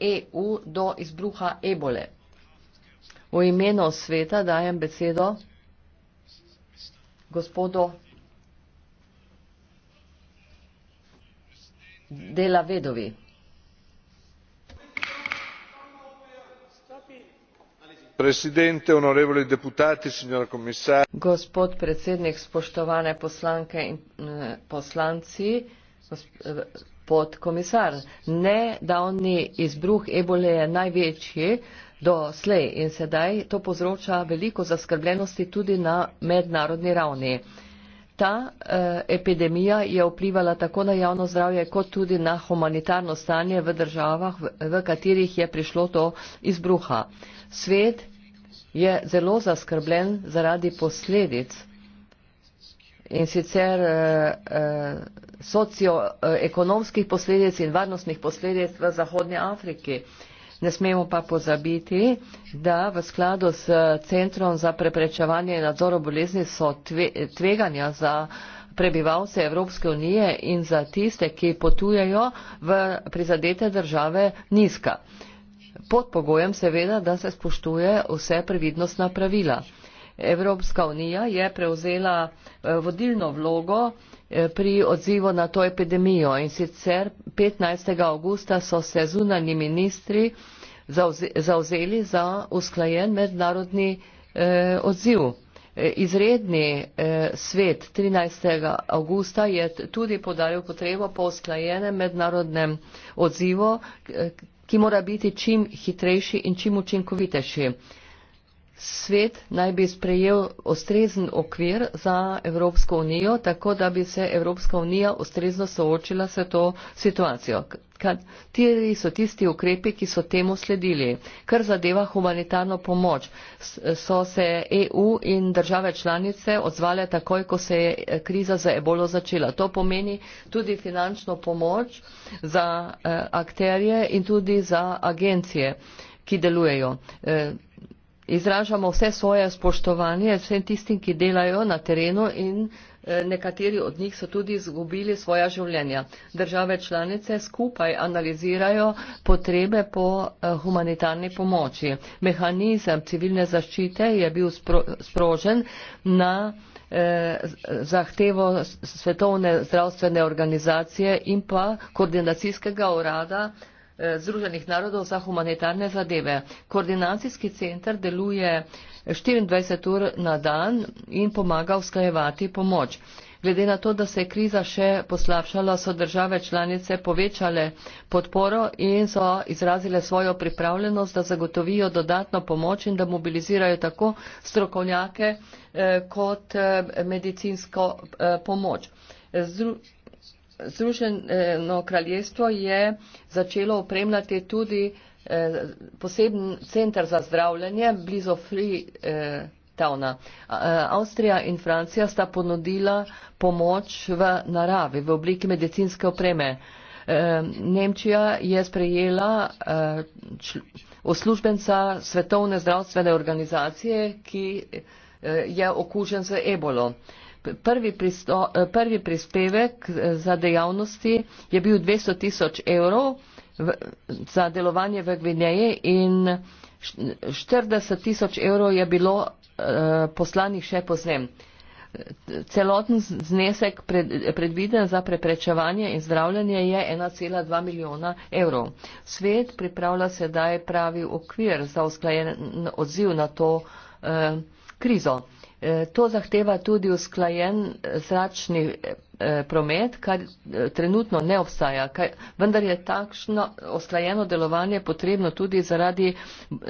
EU do izbruha ebole. V imenu sveta dajem besedo gospodu Dela Vedovi. Deputati, Gospod predsednik, spoštovane poslanke in eh, poslanci, gosp, eh, gospod komisar. Ne, da oni izbruh ebole je največji do slej in sedaj to povzroča veliko zaskrbljenosti tudi na mednarodni ravni. Ta eh, epidemija je vplivala tako na javno zdravje, kot tudi na humanitarno stanje v državah, v, v katerih je prišlo do izbruha. Svet je zelo zaskrbljen zaradi posledic in sicer eh, eh, socioekonomskih posledic in varnostnih posledic v Zahodnji Afriki. Ne smemo pa pozabiti, da v skladu s Centrom za preprečevanje in nadzor bolezni so tve, tveganja za prebivalce Evropske unije in za tiste, ki potujejo v prizadete države nizka. Pod pogojem seveda, da se spoštuje vse previdnostna pravila. Evropska unija je prevzela eh, vodilno vlogo uh, Eh, pri odzivu na to epidemijo in sicer 15. avgusta so se zunani ministri zauzeli za usklajen mednarodni eh, odziv. Eh, izredni svet 13. avgusta je tudi podaril potrebo po usklajenem mednarodnem odzivu, ki mora biti čim hitrejši in čim učinkovitejši svet naj bi sprejel ustrezen okvir za Evropsko unijo, tako da bi se Evropska unija ustrezno soočila s to situacijo. Kateri so tisti ukrepi, ki so temu sledili? Kar zadeva humanitarno pomoč, so se EU in države članice odzvale takoj, ko se je eh, kriza za ebolo začela. To pomeni tudi finančno pomoč za eh, akterje in tudi za agencije, ki delujejo. Eh, izražamo vse svoje spoštovanje vsem tistim, ki delajo na terenu in eh, nekateri od njih so tudi izgubili svoja življenja. Države članice skupaj analizirajo potrebe po eh, humanitarni pomoči. Mehanizem civilne zaščite je bil sprožen na eh, zahtevo Svetovne zdravstvene organizacije in pa koordinacijskega urada Eh, Združenih narodov za humanitarne zadeve. Koordinacijski centr deluje 24 ur na dan in pomaga usklajevati pomoč. Glede na to, da se je kriza še poslabšala, so države članice povečale podporo in so izrazile svojo pripravljenost, da zagotovijo dodatno pomoč in da mobilizirajo tako strokovnjake eh, kot eh, medicinsko eh, pomoč. Zru Združeno kraljestvo je začelo opremljati tudi eh, poseben centr za zdravljanje blizu Free Towna. Avstrija in Francija sta ponudila pomoč v naravi, v obliki medicinske opreme. Eh, Nemčija je sprejela eh, uslužbenca Svetovne zdravstvene organizacije, ki je okužen z ebolo prvi, pristo, eh, prvi prispevek eh, za dejavnosti je bil 200 tisoč evrov v, za delovanje v Gvineji in 40 tisoč evrov je bilo uh, poslanih še poznem. Celoten znesek pred, predviden za preprečevanje in zdravljanje je 1,2 milijona evrov. Svet pripravlja sedaj pravi okvir za usklajen odziv na to uh, krizo. Eh, to zahteva tudi usklajen eh, zračni eh, Eh, promet, kar eh, trenutno ne obstaja. Kaj, vendar je takšno osklajeno delovanje potrebno tudi zaradi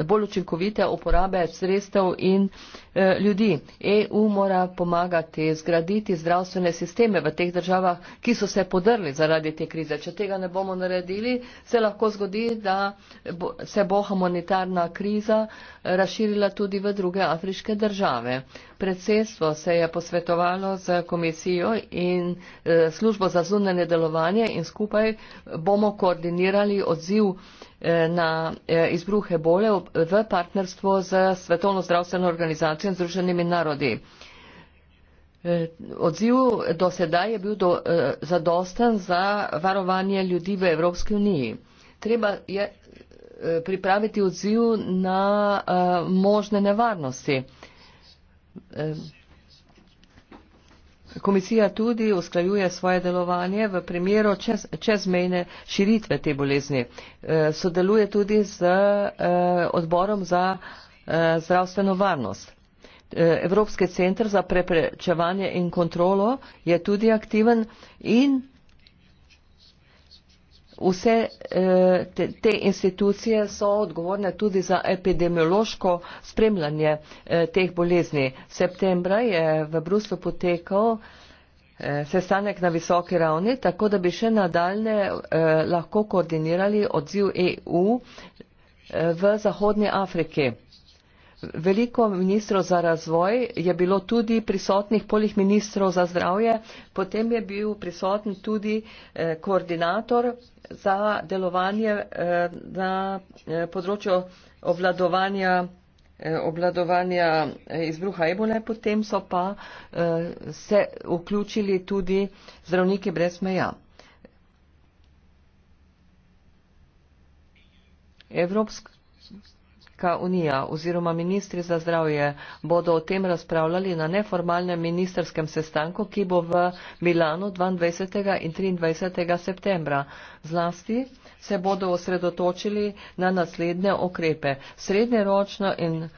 bolj učinkovite uporabe sredstev in eh, e, ljudi. EU mora pomagati zgraditi zdravstvene sisteme v teh državah, ki so se podrli zaradi te krize. Če tega ne bomo naredili, se lahko zgodi, da bo, se bo humanitarna kriza razširila tudi v druge afriške države. Predsedstvo se je posvetovalo z komisijo in Eh, službo za zunanje delovanje in skupaj bomo koordinirali odziv eh, na eh, izbruh ebole v partnerstvu z Svetovno zdravstveno organizacijo in Združenimi narodi. Odziv do sedaj je bil do, zadosten za varovanje ljudi v Evropski uniji. Treba je pripraviti odziv na možne nevarnosti. Komisija tudi usklajuje svoje delovanje v primeru čez, čezmejne širitve te bolezni. E, sodeluje tudi z e, odborom za e, zdravstveno varnost. Evropski centr za preprečevanje in kontrolo je tudi aktiven in vse eh, te, te institucije so odgovorne tudi za epidemiološko spremljanje eh, teh bolezni. Septembra je v Bruslu potekal eh, sestanek na visoki ravni, tako da bi še nadalje lahko koordinirali odziv EU v Zahodnji Afriki veliko ministrov za razvoj, je bilo tudi prisotnih polih ministrov za zdravje, potem je bil prisoten tudi eh, koordinator za delovanje eh, na eh, področju obladovanja, eh, obladovanja eh, izbruha ebole, potem so pa eh, se vključili tudi zdravniki brez meja. Evropsk Evropska unija oziroma ministri za zdravje bodo o tem razpravljali na neformalnem ministerskem sestanku, ki bo v Milano 22. in 23. septembra. Zlasti se bodo osredotočili na naslednje okrepe. Srednjeročno in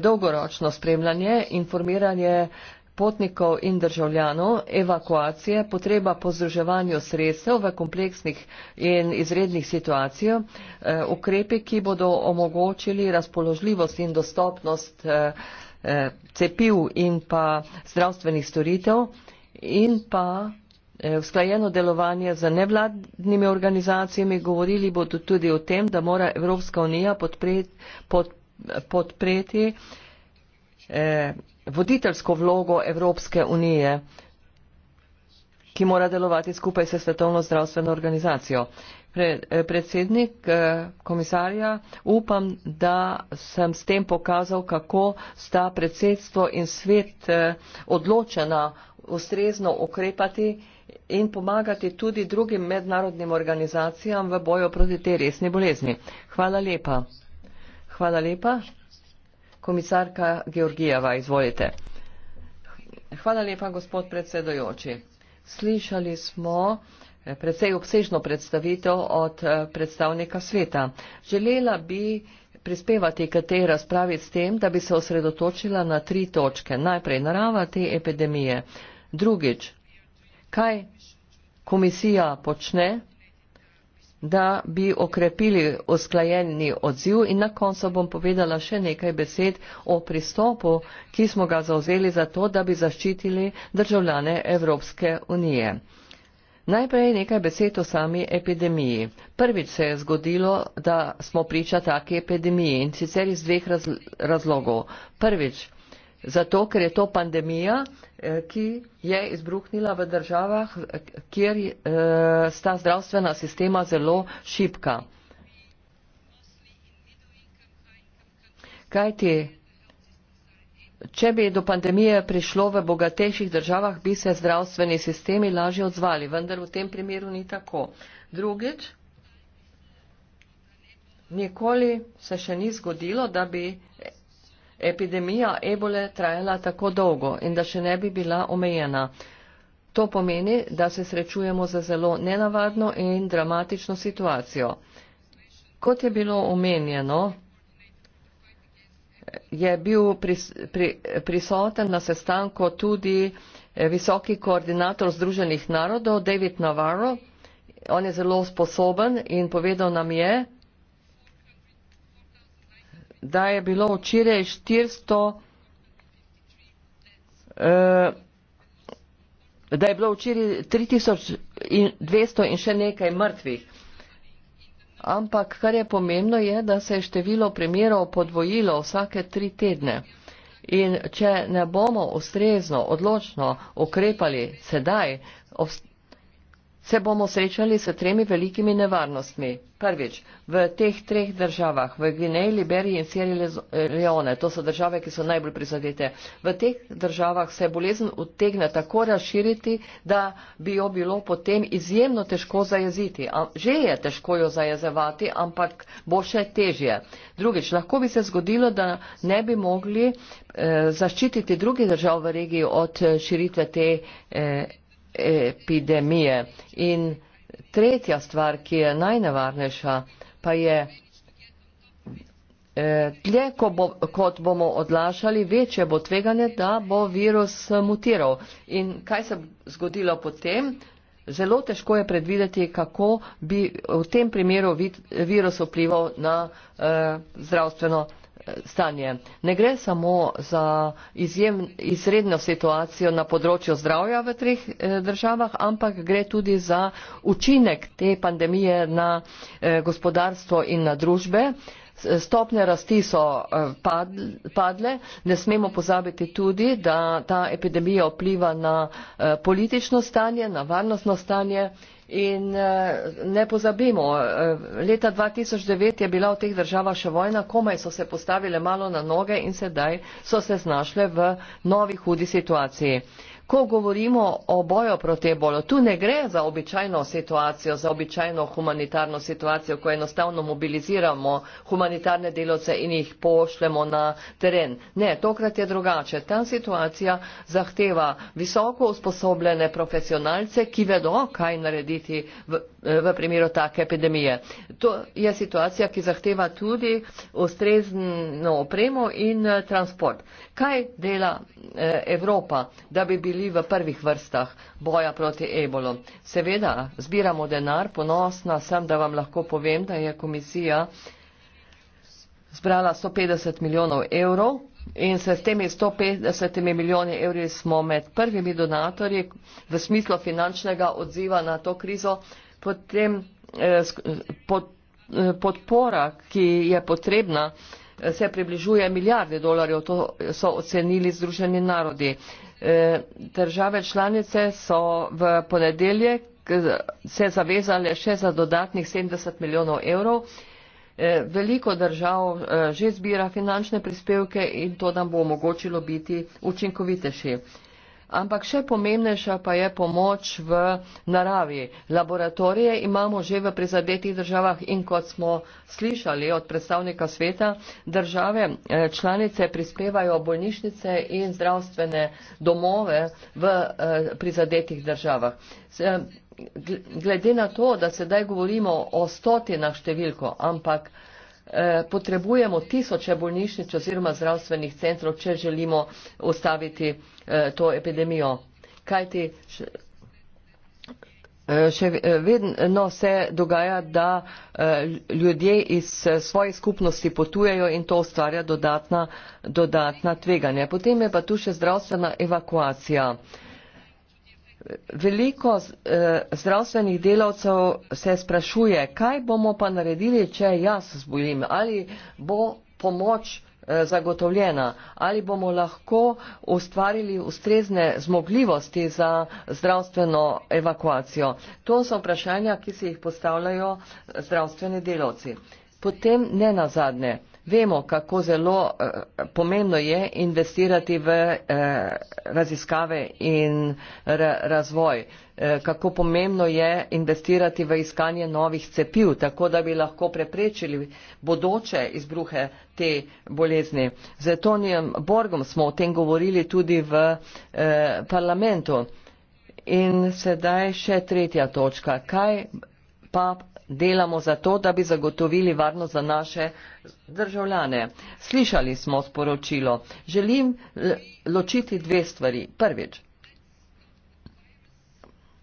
dolgoročno spremljanje, informiranje potnikov in državljanov, evakuacije, potreba po združevanju sredstev v kompleksnih in izrednih situacijah, eh, ukrepe, ki bodo omogočili razpoložljivost in dostopnost eh, eh, cepiv in pa zdravstvenih storitev in pa usklajeno delovanje z nevladnimi organizacijami. Govorili bodo tudi o tem, da mora Evropska unija podpreti, pod, podpreti eh, voditeljsko vlogo Evropske unije, ki mora delovati skupaj s Svetovno zdravstveno organizacijo. Eh, predsednik eh, komisarja, upam, da sem s tem pokazal, kako sta predsedstvo in svet eh, odločena ustrezno ukrepati in pomagati tudi drugim mednarodnim organizacijam v boju proti te resni bolezni. Hvala lepa. Hvala lepa komisarka Georgijeva, izvolite. Hvala lepa, gospod predsedojoči. Slišali smo eh, predvsej obsežno predstavitev od eh, predstavnika sveta. Želela bi prispevati k tej razpravi s tem, da bi se osredotočila na tri točke. Najprej narava te epidemije. Drugič, kaj komisija počne da bi okrepili usklajeni odziv in na koncu bom povedala še nekaj besed o pristopu, ki smo ga zauzeli za to, da bi zaščitili državljane Evropske unije. Najprej nekaj besed o sami epidemiji. Prvič se je zgodilo, da smo priča take epidemiji in sicer iz dveh razlogov. Prvič, zato ker je to pandemija, eh, ki je izbruhnila v državah, kjer eh, sta zdravstvena sistema zelo šipka. Kajti, če bi do pandemije prišlo v bogatejših državah, bi se zdravstveni sistemi lažje odzvali, vendar v tem primeru ni tako. Drugič, nikoli se še ni zgodilo, da bi epidemija ebole trajala tako dolgo in da še ne bi bila omejena. To pomeni, da se srečujemo za zelo nenavadno in dramatično situacijo. Kot je bilo omenjeno, je bil pris, pri, prisoten na sestanku tudi eh, visoki koordinator Združenih narodov David Navarro. On je zelo sposoben in povedal nam je, da je bilo včeraj 400 uh, eh, da je bilo včeraj 3200 in še nekaj mrtvih. Ampak kar je pomembno je, da se je število primerov podvojilo vsake tri tedne. In če ne bomo ustrezno, odločno ukrepali sedaj, se bomo srečali s tremi velikimi nevarnostmi. Prvič, v teh treh državah, v Gvineji, Liberiji in Sierra Leone, to so države, ki so najbolj prizadete, v teh državah se bolezen utegne tako razširiti, da bi jo bilo potem izjemno težko zajeziti. Že je težko jo zajezevati, ampak bo še težje. Drugič, lahko bi se zgodilo, da ne bi mogli eh, zaščititi drugih držav v regiji od širitve te eh, epidemije. In tretja stvar, ki je najnevarnejša, pa je, eh, dlje ko bo, kot bomo odlašali, večje bo tveganje, da bo virus eh, mutiral. In kaj se bo zgodilo potem? Zelo težko je predvideti, kako bi v tem primeru virus vplival na eh, zdravstveno stanje. Ne gre samo za izjem, izredno situacijo na področju zdravja v treh eh, državah, ampak gre tudi za učinek te pandemije na eh, gospodarstvo in na družbe stopnje rasti so eh, padle, ne smemo pozabiti tudi, da ta epidemija vpliva na eh, politično stanje, na varnostno stanje in eh, ne pozabimo, leta 2009 je bila v teh državah še vojna, komaj so se postavile malo na noge in sedaj so se znašle v novi hudi situaciji ko govorimo o boju proti ebolu, tu ne gre za običajno situacijo, za običajno humanitarno situacijo, ko enostavno mobiliziramo humanitarne delovce in jih pošljemo na teren. Ne, tokrat je drugače. Ta situacija zahteva visoko usposobljene profesionalce, ki vedo, kaj narediti v, v primeru take epidemije. To je situacija, ki zahteva tudi ustrezno opremo in eh, transport kaj dela eh, Evropa, da bi bili v prvih vrstah boja proti ebolo. Seveda, zbiramo denar, ponosna sem, da vam lahko povem, da je komisija zbrala 150 milijonov evrov in se s temi 150 milijoni evri smo med prvimi donatorji v smislu finančnega odziva na to krizo, potem eh, eh pod, eh, podpora, ki je potrebna eh, se približuje milijarde dolarjev, to so ocenili Združeni narodi. E, države članice so v ponedeljek se zavezale še za dodatnih 70 milijonov evrov. E, veliko držav e, že zbira finančne prispevke in to nam bo omogočilo biti učinkovitejši ampak še pomembnejša pa je pomoč v naravi. Laboratorije imamo že v prizadetih državah in kot smo slišali od predstavnika sveta, države eh, članice prispevajo bolnišnice in zdravstvene domove v eh, prizadetih državah. Eh, glede na to, da sedaj govorimo o stotinah številko, ampak Eh, potrebujemo tisoče bolnišnic oziroma zdravstvenih centrov, če želimo ustaviti eh, to epidemijo. Kajti eh, še vedno se dogaja, da ljudje iz svoje skupnosti potujejo in to ustvarja dodatna, dodatna tveganja. Potem je pa tu še zdravstvena evakuacija veliko eh, zdravstvenih delavcev se sprašuje, kaj bomo pa naredili, če jaz zbolim, ali bo pomoč eh, zagotovljena, ali bomo lahko ustvarili ustrezne zmogljivosti za zdravstveno evakuacijo. To so vprašanja, ki se jih postavljajo zdravstveni delavci. Potem ne nazadnje. Vemo, kako zelo eh, pomembno je investirati v eh, raziskave in razvoj, eh, kako pomembno je investirati v iskanje novih cepiv, tako da bi lahko preprečili bodoče izbruhe te bolezni. Z Tonijem Borgom smo o tem govorili tudi v parlamentu. In sedaj še tretja točka. Kaj pa delamo zato, da bi zagotovili varnost za naše državljane. Slišali smo sporočilo. Želim ločiti dve stvari. Prvič.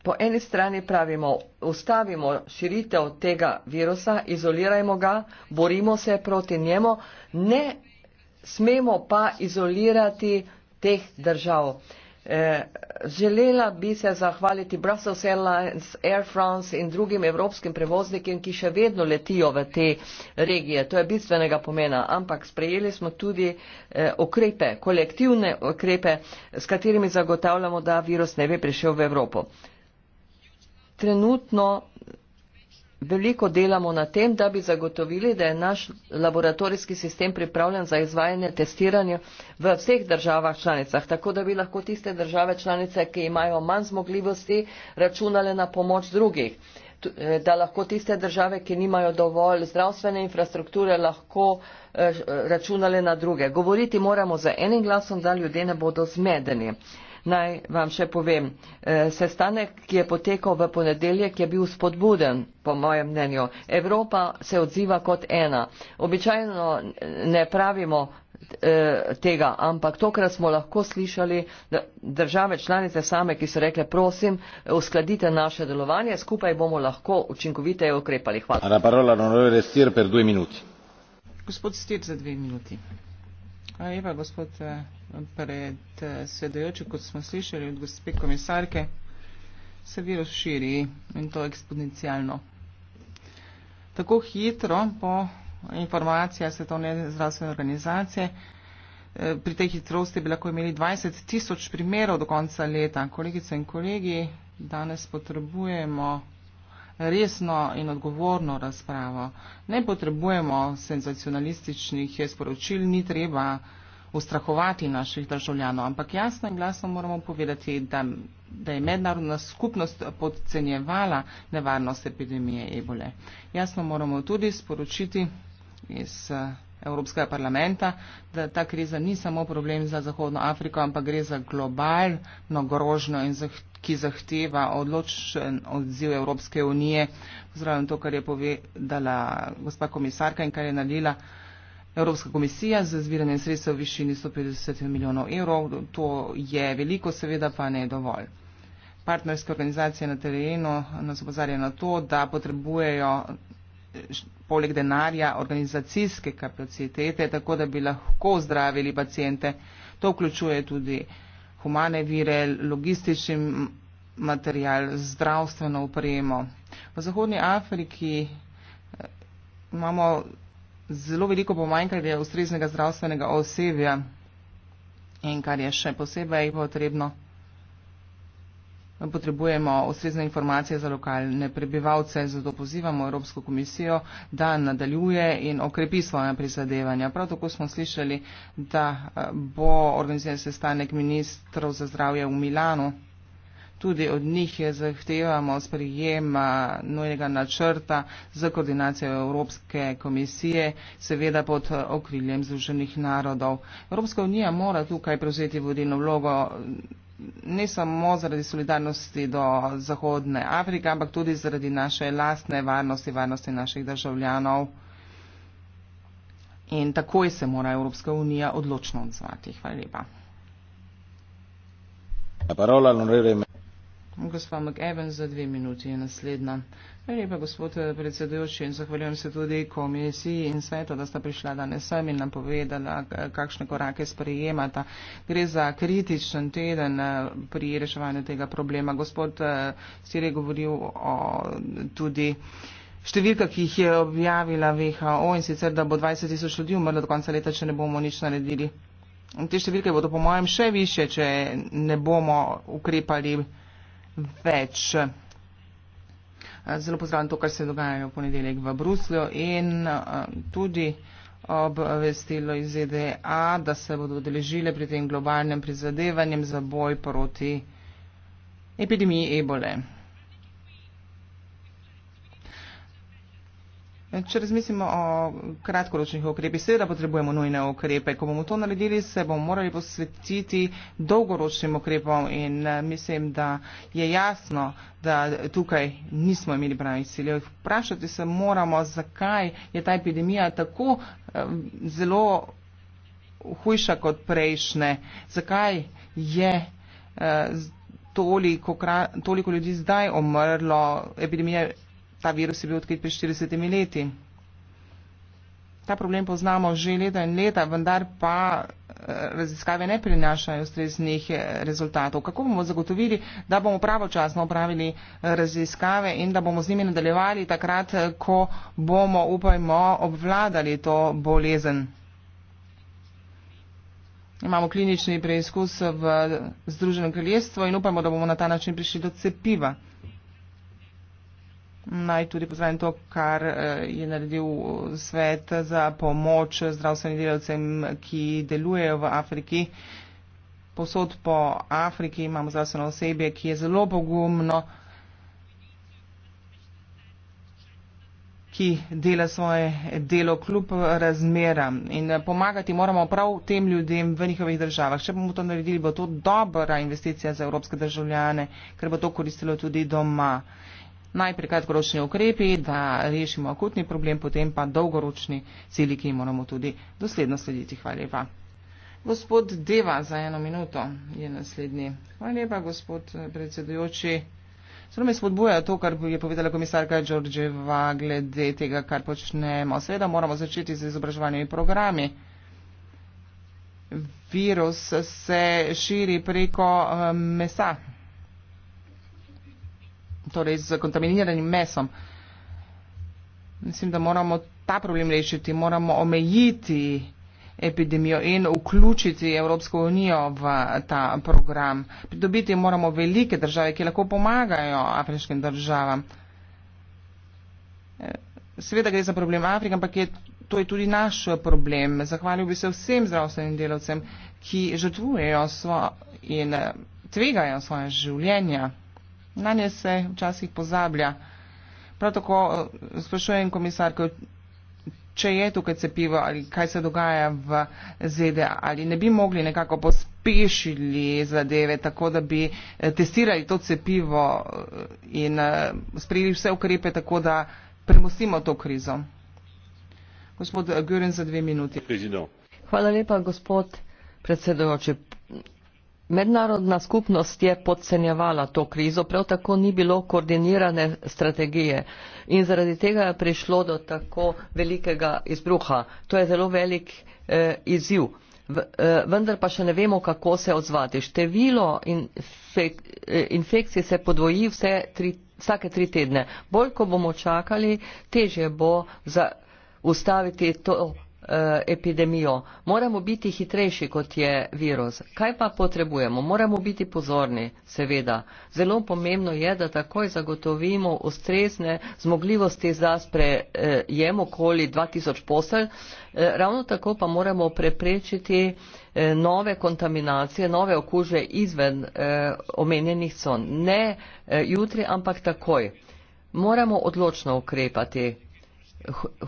Po eni strani pravimo, ustavimo širitev tega virusa, izolirajmo ga, borimo se proti njemu, ne smemo pa izolirati teh držav. Uh, Eh, želela bi se zahvaliti Brussels Airlines, Air France in drugim evropskim prevoznikim, ki še vedno letijo v te regije. To je bistvenega pomena. Ampak sprejeli smo tudi okrepe, eh, kolektivne okrepe, s katerimi zagotavljamo, da virus ne bi prišel v Evropo. Trenutno veliko delamo na tem, da bi zagotovili, da je naš laboratorijski sistem pripravljen za izvajanje testiranja v vseh državah članicah, tako da bi lahko tiste države članice, ki imajo manj zmogljivosti, računale na pomoč drugih eh, da lahko tiste države, ki nimajo dovolj zdravstvene infrastrukture, lahko eh, računale na druge. Govoriti moramo za enim glasom, da ljudje ne bodo zmedeni naj vam še povem. Eh, sestanek, ki je potekal v ponedeljek, je bil spodbuden, po mojem mnenju. Evropa se odziva kot ena. Običajno ne pravimo eh, tega, ampak tokrat smo lahko slišali države članice same, ki so rekle, prosim, uskladite naše delovanje, skupaj bomo lahko učinkoviteje ukrepali. Hvala. Gospod Stir za dve minuti. Hvala lepa, gospod eh, predsedujoči. Kot smo slišali od gospe komisarke, se virus širi in to eksponencialno. Tako hitro po informacijah Svetovne zdravstvene organizacije, eh, pri tej hitrosti bi lahko imeli 20 tisoč primerov do konca leta. Kolegice in kolegi, danes potrebujemo resno in odgovorno razpravo. Ne potrebujemo senzacionalističnih sporočil, ni treba ustrahovati naših državljanov, ampak jasno in glasno moramo povedati, da, da je mednarodna skupnost podcenjevala nevarnost epidemije ebole. Jasno moramo tudi sporočiti iz Evropskega parlamenta, da ta kriza ni samo problem za Zahodno Afriko, ampak gre za globalno grožnjo, zah ki zahteva odločen odziv Evropske unije. Pozdravljam to, kar je povedala gospa komisarka in kar je naredila Evropska komisija za zbiranje sredstev v višini 150 milijonov evrov. To je veliko, seveda pa ne dovolj. Partnerske organizacije na terenu nas opozarjajo na to, da potrebujejo poleg denarja organizacijske kapacitete, tako da bi lahko zdravili pacijente. To vključuje tudi humane vire, logistični material, zdravstveno upremo. V Zahodnji Afriki eh, imamo zelo veliko pomanjkanje ustreznega zdravstvenega osebja in kar je še posebej potrebno potrebujemo ustrezne informacije za lokalne prebivalce, zato pozivamo Evropsko komisijo, da nadaljuje in okrepi svoje prizadevanja. Prav tako smo slišali, da eh, bo organiziran sestanek ministrov za zdravje v Milano. Tudi od njih je zahtevamo sprejem eh, nujnega načrta za koordinacijo Evropske komisije, seveda pod eh, okriljem Združenih narodov. Evropska unija mora tukaj prevzeti vodilno vlogo ne samo zaradi solidarnosti do Zahodne Afrike, ampak tudi zaradi naše lastne varnosti, varnosti naših državljanov. In takoj se mora Evropska unija odločno odzvati. Hvala lepa. Gospa McEwen za dve minuti je naslednja. Lepa, gospod eh, predsedujoči, in zahvaljujem se tudi komisiji in svetu, da sta prišla danes sem in nam povedala, eh, kakšne korake sprejemata. Gre za kritičen teden eh, pri reševanju tega problema. Gospod Sir je govoril o tudi številka, ki jih je objavila VHO in sicer, da bo 20 tisoč ljudi umrlo do konca leta, če ne bomo nič naredili. Te številke bodo po mojem še više, če ne bomo ukrepali več zelo pozdravljam to, kar se dogaja v ponedeljek v Bruslju in eh, tudi obvestilo iz ZDA, da se bodo odeležile pri tem globalnem prizadevanjem za boj proti epidemiji ebole. Če razmislimo o kratkoročnih ukrepih, seveda potrebujemo nujne ukrepe. Ko bomo to naredili, se bomo morali posvetiti dolgoročnim ukrepom in eh, mislim, da je jasno, da tukaj nismo imeli pravih ciljev. Vprašati se moramo, zakaj je ta epidemija tako eh, zelo hujša kot prejšnje. Zakaj je. Eh, toliko, toliko ljudi zdaj omrlo, epidemija Ta virus je bil odkrit pred 40 leti. Ta problem poznamo že leta in leta, vendar pa eh, raziskave ne prinašajo ustreznih eh, rezultatov. Kako bomo zagotovili, da bomo pravočasno upravili eh, raziskave in da bomo z njimi nadaljevali takrat, ko bomo, upajmo, obvladali to bolezen? Imamo klinični preizkus v Združenem kraljestvu in upajmo, da bomo na ta način prišli do cepiva naj tudi pozvanem to, kar eh, je naredil eh, svet za pomoč zdravstvenim delavcem, ki delujejo v Afriki. Posod po Afriki imamo zdravstveno osebje, ki je zelo pogumno, ki dela svoje delo kljub razmeram. In eh, pomagati moramo prav tem ljudem v njihovih državah. Če bomo to naredili, bo to dobra investicija za evropske državljane, ker bo to koristilo tudi doma najprej kratkoročni ukrepi, da rešimo akutni problem, potem pa dolgoročni cilji, ki jim moramo tudi dosledno slediti. Hvala lepa. Gospod Deva za eno minuto je naslednji. Hvala lepa, gospod eh, predsedujoči. Zelo me spodbuja to, kar je povedala komisarka Đorđeva glede tega, kar počnemo. Seveda moramo začeti z izobraževanjem in programi. Virus se širi preko eh, mesa torej z kontaminiranim mesom. Mislim, da moramo ta problem rešiti, moramo omejiti epidemijo in vključiti Evropsko unijo v ta program. Pridobiti moramo velike države, ki lahko pomagajo afriškim državam. E, seveda gre za problem Afrike, ampak je, to je tudi naš problem. Zahvalil bi se vsem zdravstvenim delavcem, ki žrtvujejo svo in e, tvegajo svoje življenja. Na nje se včasih pozablja. Prav tako eh, sprašujem komisarko, če je tukaj cepivo ali kaj se dogaja v ZDA, ali ne bi mogli nekako pospešili zadeve, tako da bi eh, testirali to cepivo eh, in sprejeli vse ukrepe, tako da premostimo to krizo. Gospod Guren, za dve minuti. Hvala lepa, gospod predsedujoči. Mednarodna skupnost je podcenjevala to krizo, prav tako ni bilo koordinirane strategije in zaradi tega je prišlo do tako velikega izbruha. To je zelo velik eh, izziv. V, eh, vendar pa še ne vemo, kako se odzvati. Število infek, eh, infekcij se podvoji vse tri, vsake tri tedne. Bolj, ko bomo čakali, težje bo ustaviti to Eh, epidemijo. Moramo biti hitrejši, kot je virus. Kaj pa potrebujemo? Moramo biti pozorni, seveda. Zelo pomembno je, da takoj zagotovimo ustrezne zmogljivosti za sprejem okoli 2000 posel. Eh, ravno tako pa moramo preprečiti eh, nove kontaminacije, nove okužbe izven omenjenih son. Ne jutri, ampak takoj. Moramo odločno ukrepati.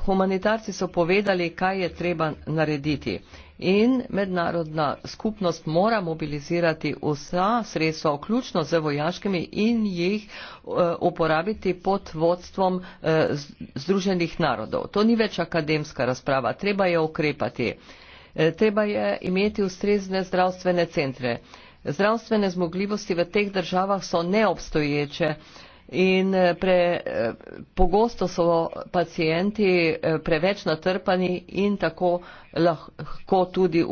Humanitarci so povedali, kaj je treba narediti. In mednarodna skupnost mora mobilizirati vsa sredstva, vključno z vojaškimi, in jih eh, uporabiti pod vodstvom eh, Združenih narodov. To ni več akademska razprava, treba je ukrepati. Eh, treba je imeti ustrezne zdravstvene centre. Zdravstvene zmogljivosti v teh državah so neobstoječe. In eh, pre, eh, pogosto so pacijenti eh, preveč natrpani in tako lahko tudi,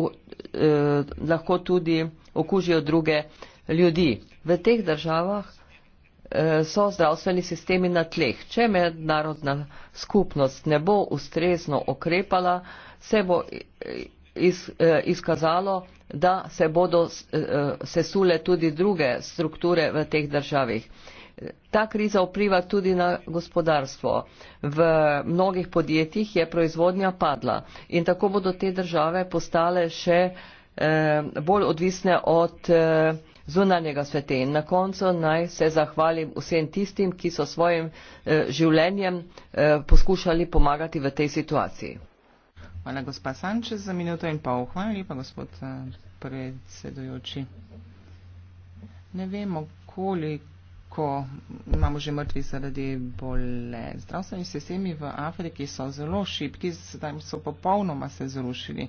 lahko tudi okužijo druge ljudi. V teh državah so zdravstveni sistemi na tleh. Če mednarodna skupnost ne bo ustrezno okrepala, se bo iz, izkazalo, da se bodo eh, eh, sesule tudi druge strukture v teh državah. Ta kriza vpliva tudi na gospodarstvo. V mnogih podjetjih je proizvodnja padla in tako bodo te države postale še eh, bolj odvisne od zunanjega sveta. In na koncu naj se zahvalim vsem tistim, ki so svojim življenjem poskušali pomagati v tej situaciji. Hvala, gospa Sančez, za minuto in pol. Hvala lepa, gospod eh, predsedujoči. Ne vemo, koliko imamo že mrtvih zaradi bole. Zdravstveni sistemi v Afriki so zelo šipki, sedaj so popolnoma se zrušili.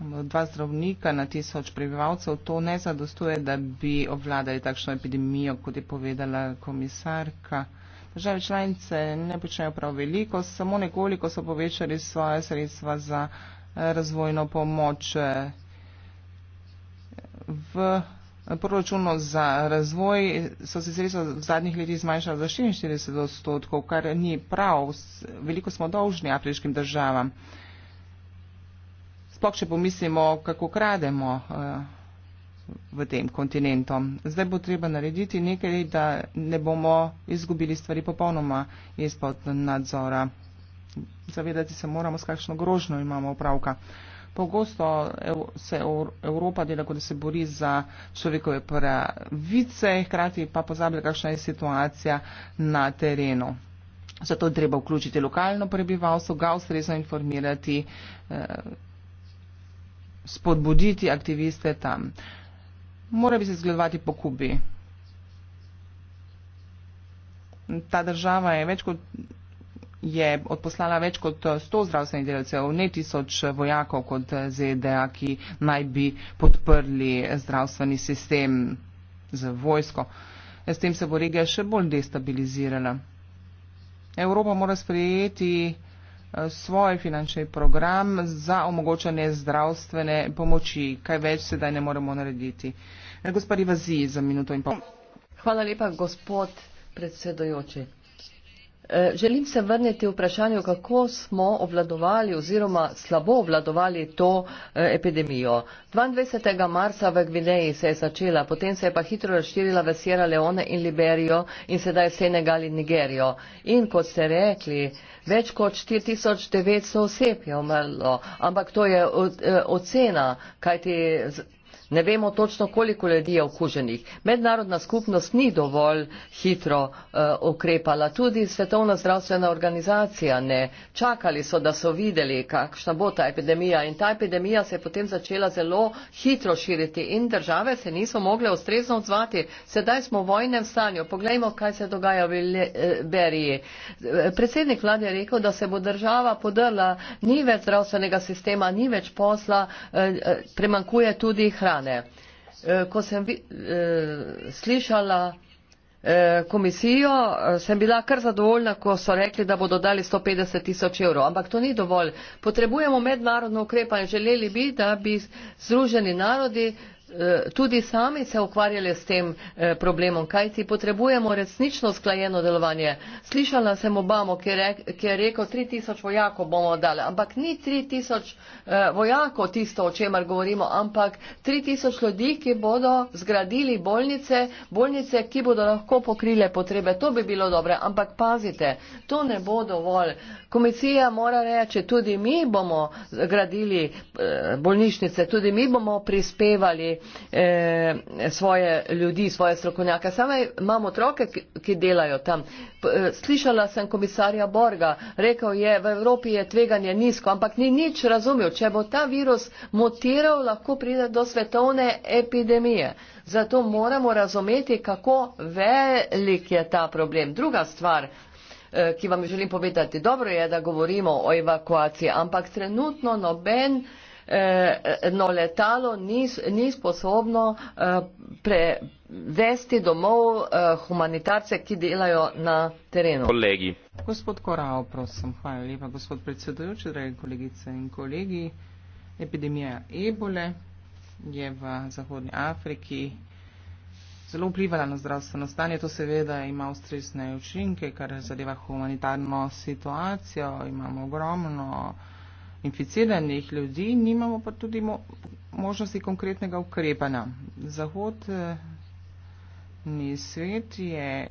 Imamo dva zdravnika na tisoč prebivalcev, to ne zadostuje, da bi obvladali takšno epidemijo, kot je povedala komisarka. Države članice ne počnejo prav veliko, samo nekoliko so povečali svoje sredstva za eh, razvojno pomoč v proračunu za razvoj so se sredstva v zadnjih letih zmanjšala za 44 odstotkov, kar ni prav. Veliko smo dolžni afriškim državam. Sploh, če pomislimo, kako krademo eh, v tem kontinentu. Zdaj bo treba narediti nekaj, da ne bomo izgubili stvari popolnoma izpod nadzora. Zavedati se moramo, s kakšno grožno imamo opravka. Pogosto se Evropa dela, kot da se bori za človekove pravice, hkrati pa pozablja, kakšna je situacija na terenu. Zato je treba vključiti lokalno prebivalstvo, ga ustrezno informirati, eh, spodbuditi aktiviste tam mora bi se zgledovati po Kubi. Ta država je več kot je odposlala več kot 100 zdravstvenih delavcev, ne tisoč vojakov kot ZDA, ki naj bi podprli zdravstveni sistem z vojsko. S tem se bo regija še bolj destabilizirala. Evropa mora sprejeti svoj finančni program za omogočanje zdravstvene pomoči. Kaj več sedaj ne moremo narediti. Gospod Ivazi, za minuto in pol. Hvala lepa, gospod predsedojoči. Eh, želim se vrniti v vprašanje, kako smo obvladovali oziroma slabo obvladovali to eh, epidemijo. 22. marca v Gvineji se je začela, potem se je pa hitro razširila v Sierra Leone in Liberijo in sedaj Senegal in Nigerijo. In kot ste rekli, več kot 4900 oseb je umrlo, ampak to je eh, ocena, kajti Ne vemo točno, koliko ljudi je okuženih. Mednarodna skupnost ni dovolj hitro eh, ukrepala, uh, tudi Svetovna zdravstvena organizacija ne. Čakali so, da so videli, kakšna bo ta epidemija in ta epidemija se je potem začela zelo hitro širiti in države se niso mogle ustrezno odzvati. Sedaj smo v vojnem stanju. Poglejmo, kaj se dogaja v Le eh, Beriji. Eh, predsednik vlade je rekel, da se bo država podrla, ni več zdravstvenega sistema, ni več posla, uh, uh, premankuje tudi hrana dvorane. E, ko sem e, slišala e, komisijo, sem bila kar zadovoljna, ko so rekli, da bodo dali 150 tisoč evrov, ampak to ni dovolj. Potrebujemo mednarodno ukrepanje. Želeli bi, da bi Združeni narodi Eh, tudi sami se ukvarjali s tem eh, problemom, kajti potrebujemo resnično sklajeno delovanje. Slišala sem Obamo, ki je rekel, 3000 vojakov bomo dali, ampak ni 3000 eh, vojakov tisto, o čemer govorimo, ampak 3000 ljudi, ki bodo zgradili bolnice, bolnice, ki bodo lahko pokrile potrebe. To bi bilo dobre, ampak pazite, to ne bo dovolj. Komisija mora reči, tudi mi bomo gradili bolnišnice, tudi mi bomo prispevali, eh, svoje ljudi, svoje strokovnjake. Same imamo otroke, ki, ki delajo tam. Eh, slišala sem komisarja Borga, rekel je, v Evropi je tveganje nizko, ampak ni nič razumel, če bo ta virus mutiral, lahko pride do svetovne epidemije. Zato moramo razumeti, kako velik je ta problem. Druga stvar, eh, ki vam želim povedati, dobro je, da govorimo o evakuaciji, ampak trenutno noben no letalo ni, ni sposobno eh, prevesti domov eh, humanitarce, ki delajo na terenu. Kolegi. Gospod Korao, prosim, hvala lepa, gospod predsedujoči, dragi kolegice in kolegi. Epidemija ebole je v Zahodnji Afriki zelo vplivala na zdravstveno stanje. To seveda ima ustrezne učinke, kar zadeva humanitarno situacijo. Imamo ogromno inficiranih ljudi, nimamo pa tudi mo možnosti konkretnega ukrepanja. Zahod eh, ni svet, je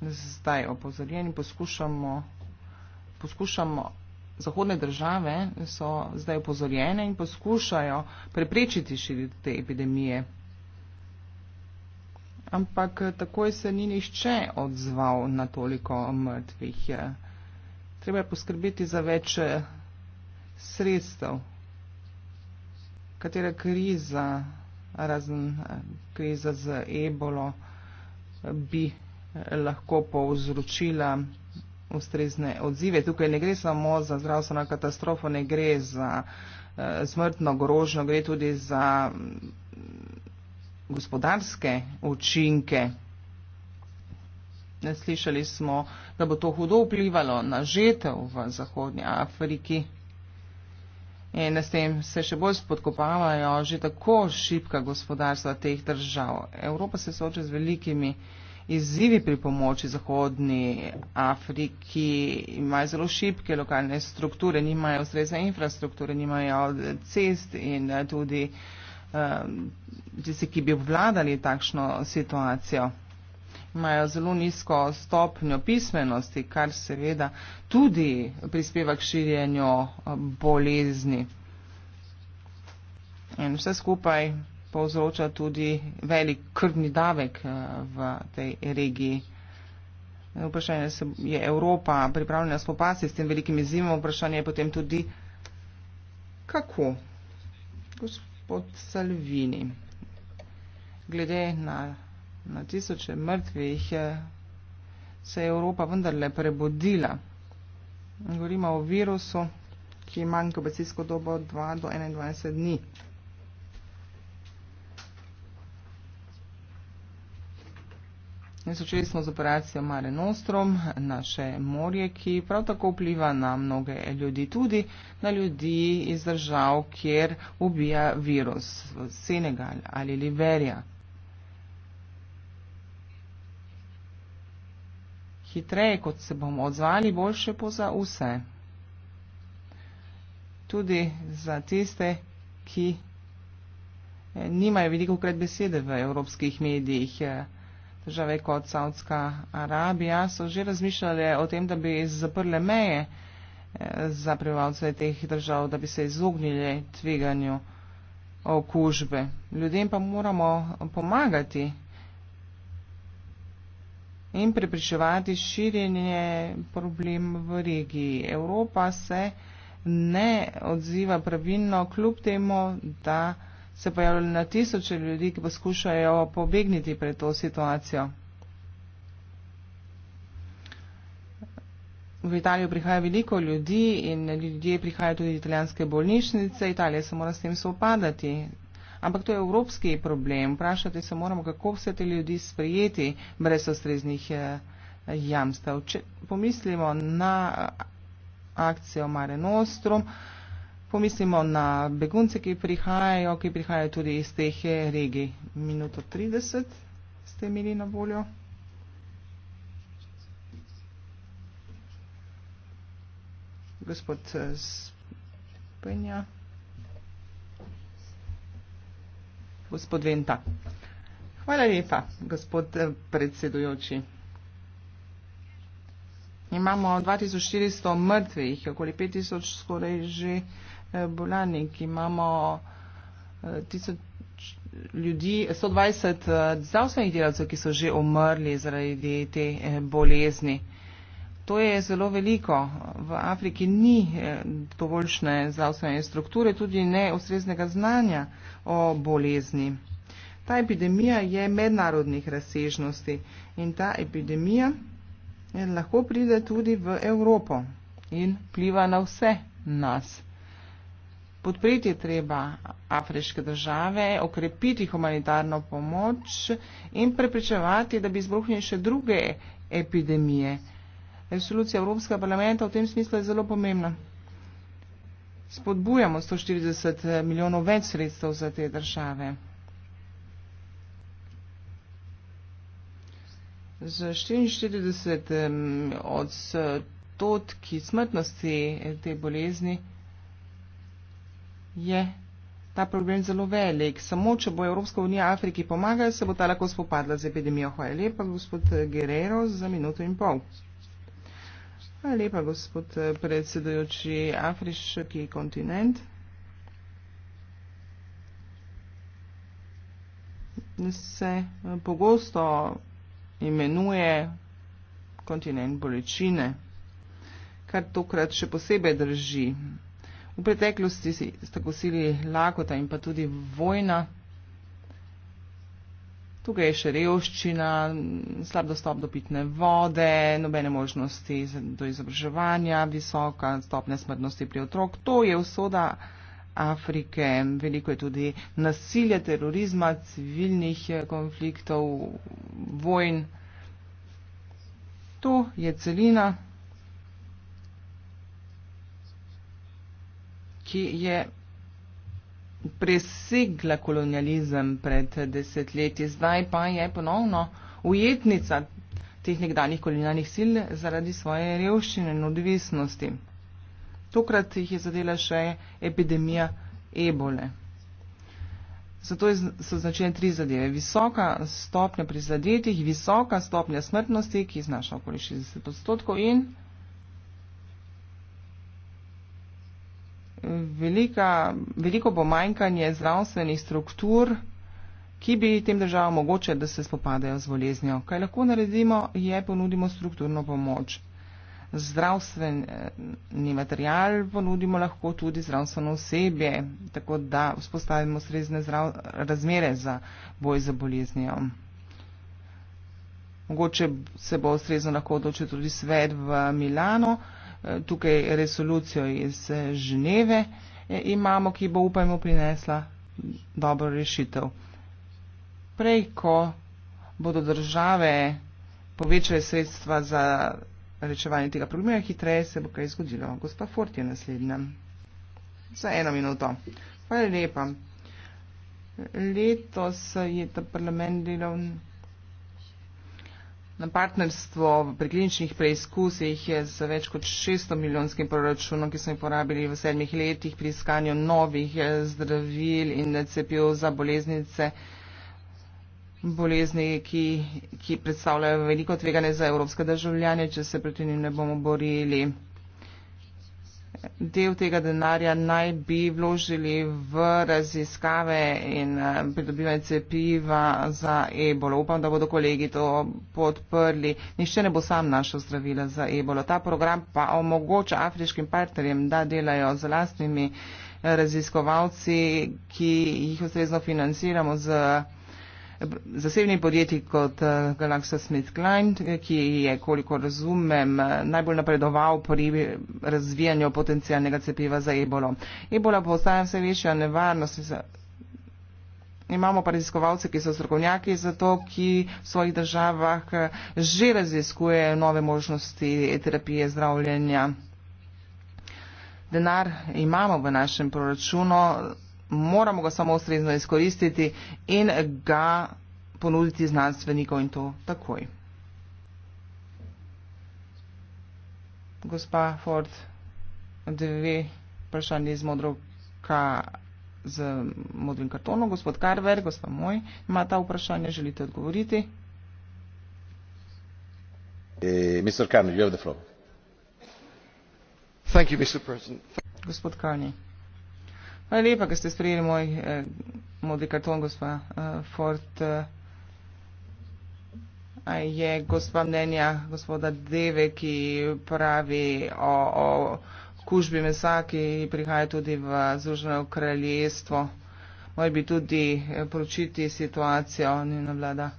zdaj opozorjen in poskušamo, poskušamo, zahodne države so zdaj opozorjene in poskušajo preprečiti širitev te epidemije. Ampak eh, takoj se ni nišče odzval na toliko mrtvih. Eh. Treba je poskrbeti za več sredstev, katera kriza, razen eh, kriza z ebolo, bi eh, lahko povzročila ustrezne odzive. Tukaj ne gre samo za zdravstveno katastrofo, ne gre za eh, smrtno grožnjo, gre tudi za mm, gospodarske učinke. Slišali smo, da bo to hudo vplivalo na žetev v Zahodnji Afriki in s tem se še bolj spodkopavajo že tako šipka gospodarstva teh držav. Evropa se sooča z velikimi izzivi pri pomoči Zahodni Afriki, imajo zelo šipke lokalne strukture, nimajo ustrezne infrastrukture, nimajo cest in tudi, um, tisti, ki bi obvladali takšno situacijo imajo zelo nizko stopnjo pismenosti, kar seveda tudi prispeva k širjenju eh, bolezni. In vse skupaj povzroča tudi velik krvni davek eh, v tej regiji. Vprašanje se je Evropa pripravljena spopasti s tem velikim izzivom, vprašanje je potem tudi kako. Gospod Salvini, glede na na tisoče mrtvih eh, se je Evropa vendarle prebudila. Govorimo o virusu, ki ima inkubacijsko dobo 2 do 21 dni. Začeli smo z operacijo Mare Nostrom, naše morje, ki prav tako vpliva na mnoge ljudi, tudi na ljudi iz držav, kjer ubija virus Senegal ali Liberija. hitreje, kot se bomo odzvali, boljše bo za vse. Tudi za tiste, ki eh, nimajo veliko krat besede v evropskih medijih. Eh, Države kot Saudska Arabija so že razmišljali o tem, da bi zaprle meje eh, za prebivalce teh držav, da bi se izognili tveganju okužbe. Ljudem pa moramo pomagati in preprečevati širjenje problem v regiji. Evropa se ne odziva pravilno, kljub temu, da se pojavljajo na tisoče ljudi, ki poskušajo pobegniti pred to situacijo. V Italijo prihaja veliko ljudi in ljudje prihajajo tudi italijanske bolnišnice. Italija se mora s tem soopadati. Ampak to je evropski problem. Vprašati se moramo, kako vse te ljudi sprijeti brez ustreznih eh, jamstev. Če pomislimo na eh, akcijo Mare Nostrum, pomislimo na begunce, ki prihajajo, ki prihajajo tudi iz teh eh, regij. Minuto 30 ste imeli na voljo. Gospod Spenja. gospod Venta. Hvala lepa, gospod eh, predsedujoči. Imamo 2400 mrtvih, okoli 5000 skoraj že eh, bolanik. Imamo eh, ljudi, 120 zdravstvenih delavcev, ki so že umrli zaradi te bolezni to je zelo veliko. V Afriki ni eh, dovoljšne zdravstvene strukture, tudi ne ustreznega znanja o bolezni. Ta epidemija je mednarodnih razsežnosti in ta epidemija eh, lahko pride tudi v Evropo in pliva na vse nas. Podpreti je treba afriške države, okrepiti humanitarno pomoč in prepričevati, da bi izbruhnili še druge epidemije resolucija Evropskega parlamenta v tem smislu je zelo pomembna. Spodbujamo 140 milijonov več sredstev za te države. Z 44 od stotki smrtnosti te bolezni je ta problem zelo velik. Samo, če bo Evropska unija Afriki pomagala, se bo ta lahko spopadla z epidemijo. Hvala lepa, gospod Guerrero, za minuto in pol. Hvala lepa, gospod eh, predsedujoči Afriški kontinent. Se eh, pogosto imenuje kontinent bolečine, kar tokrat še posebej drži. V preteklosti sta kosili lakota in pa tudi vojna Tukaj je še revščina, slab dostop do pitne vode, nobene možnosti do izobraževanja, visoka stopnja smrtnosti pri otrok. To je usoda Afrike. Veliko je tudi nasilja, terorizma, civilnih eh, konfliktov, vojn. To je celina, ki je presegla kolonializem pred desetletji, zdaj pa je ponovno ujetnica teh nekdanjih kolonialnih sil zaradi svoje revščine in odvisnosti. Tokrat jih je zadela še epidemija ebole. Zato so značilne tri zadeve. Visoka stopnja prizadetih, visoka stopnja smrtnosti, ki znaša okoli 60 odstotkov in velika, veliko pomanjkanje zdravstvenih struktur, ki bi tem državam mogoče, da se spopadajo z boleznjo. Kaj lahko naredimo, je ponudimo strukturno pomoč. Zdravstveni material ponudimo lahko tudi zdravstveno osebje, tako da vzpostavimo srezne zdrav, razmere za boj za boleznjo. Mogoče se bo srezno lahko odločil tudi svet v Milano tukaj resolucijo iz eh, Ženeve eh, imamo, ki bo upajmo prinesla dobro rešitev. Prej, ko bodo države povečale sredstva za rečevanje tega problema, hitreje se bo kaj zgodilo. Gospa Fort je naslednja. Za eno minuto. Hvala lepa. Letos je ta parlament delal. Na partnerstvo pri kliničnih preizkusih z več kot 600 milijonskim proračunom, ki smo jih porabili v sedmih letih pri iskanju novih eh, zdravil in cepiv za boleznice, bolezni, ki, ki predstavljajo veliko tveganje za evropske državljane, če se proti njim ne bomo borili del tega denarja naj bi vložili v raziskave in eh, pridobivanje cepiva za ebolo. Upam, da bodo kolegi to podprli. Nišče ne bo sam našel zdravila za ebolo. Ta program pa omogoča afriškim partnerjem, da delajo z lastnimi eh, raziskovalci, ki jih ustrezno financiramo z zasebnim podjetji kot eh, GlaxoSmithKline, eh, ki je, koliko razumem, eh, najbolj napredoval pri razvijanju potencijalnega cepiva za ebolo. Ebola postaja vse večja nevarnost. Imamo pa raziskovalce, ki so strokovnjaki za to, ki v svojih državah že raziskujejo nove možnosti terapije zdravljenja. Denar imamo v našem proračunu moramo ga samo ustrezno izkoristiti in ga ponuditi znanstvenikov in to takoj. Gospa Ford, dve vprašanje iz modroka z modrim kartonom. Gospod Karver, gospa Moj, ima ta vprašanje, želite odgovoriti? Eh, Gospod Karni. Hvala lepa, da ste sprejeli moj eh, modri karton, gospa eh, Ford. Eh, je gospa mnenja gospoda Deve, ki pravi o, o kužbi mesa, ki prihaja tudi v Združeno kraljestvo. Moj bi tudi eh, pročiti situacijo njena vlada,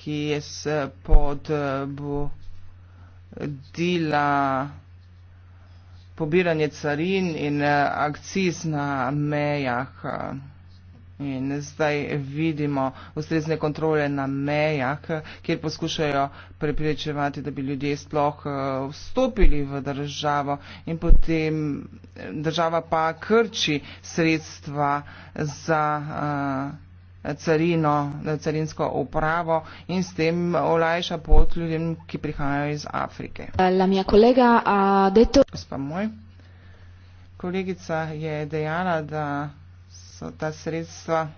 ki je pod eh, bo dila pobiranje carin in eh, akciz na mejah. Eh, in zdaj vidimo ustrezne kontrole na mejah, kjer poskušajo preprečevati, da bi ljudje sploh eh, vstopili v državo in potem država pa krči sredstva za. Uh, carino, carinsko upravo in s tem olajša pot ljudem, ki prihajajo iz Afrike. Kolegica je dejala, da so ta sredstva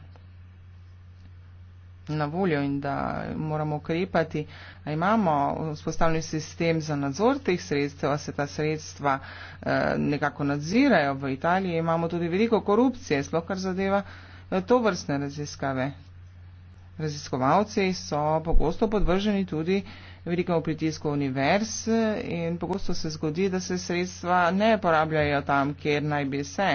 na voljo in da moramo ukrepati. A imamo vzpostavljen sistem za nadzor teh sredstev, a se ta sredstva eh, nekako nadzirajo. V Italiji imamo tudi veliko korupcije, sploh kar zadeva eh, Eh, to vrstne raziskave. Raziskovalci so pogosto podvrženi tudi velikemu pritisku univerz eh, in pogosto se zgodi, da se sredstva ne porabljajo tam, kjer naj bi se.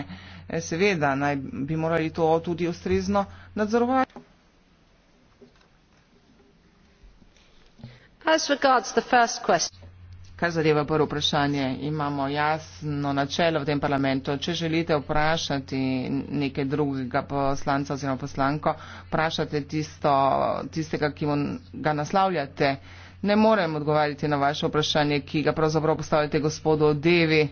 Eh, seveda, naj bi morali to tudi ustrezno nadzorovati. As regards the first question. Kar zadeva prvo vprašanje, imamo jasno načelo v tem parlamentu. Če želite vprašati nekaj drugega poslanca oziroma poslanko, vprašate tisto, tistega, ki mu ga naslavljate. Ne morem odgovarjati na vaše vprašanje, ki ga pravzaprav postavljate gospodu Devi,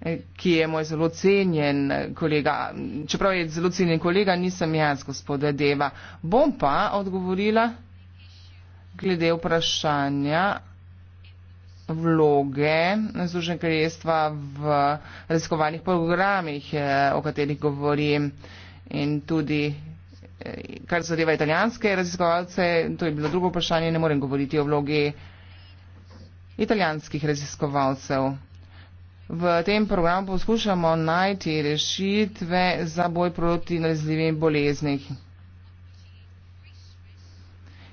eh, ki je moj zelo cenjen kolega. Čeprav je zelo cenjen kolega, nisem jaz gospoda Deva. Bom pa odgovorila glede vprašanja vloge Združenega kraljestva v raziskovalnih programih, eh, o katerih govorim in tudi eh, kar zadeva italijanske raziskovalce, to je bilo drugo vprašanje, ne morem govoriti o vlogi italijanskih raziskovalcev. V tem programu poskušamo najti rešitve za boj proti nalezljivim boleznim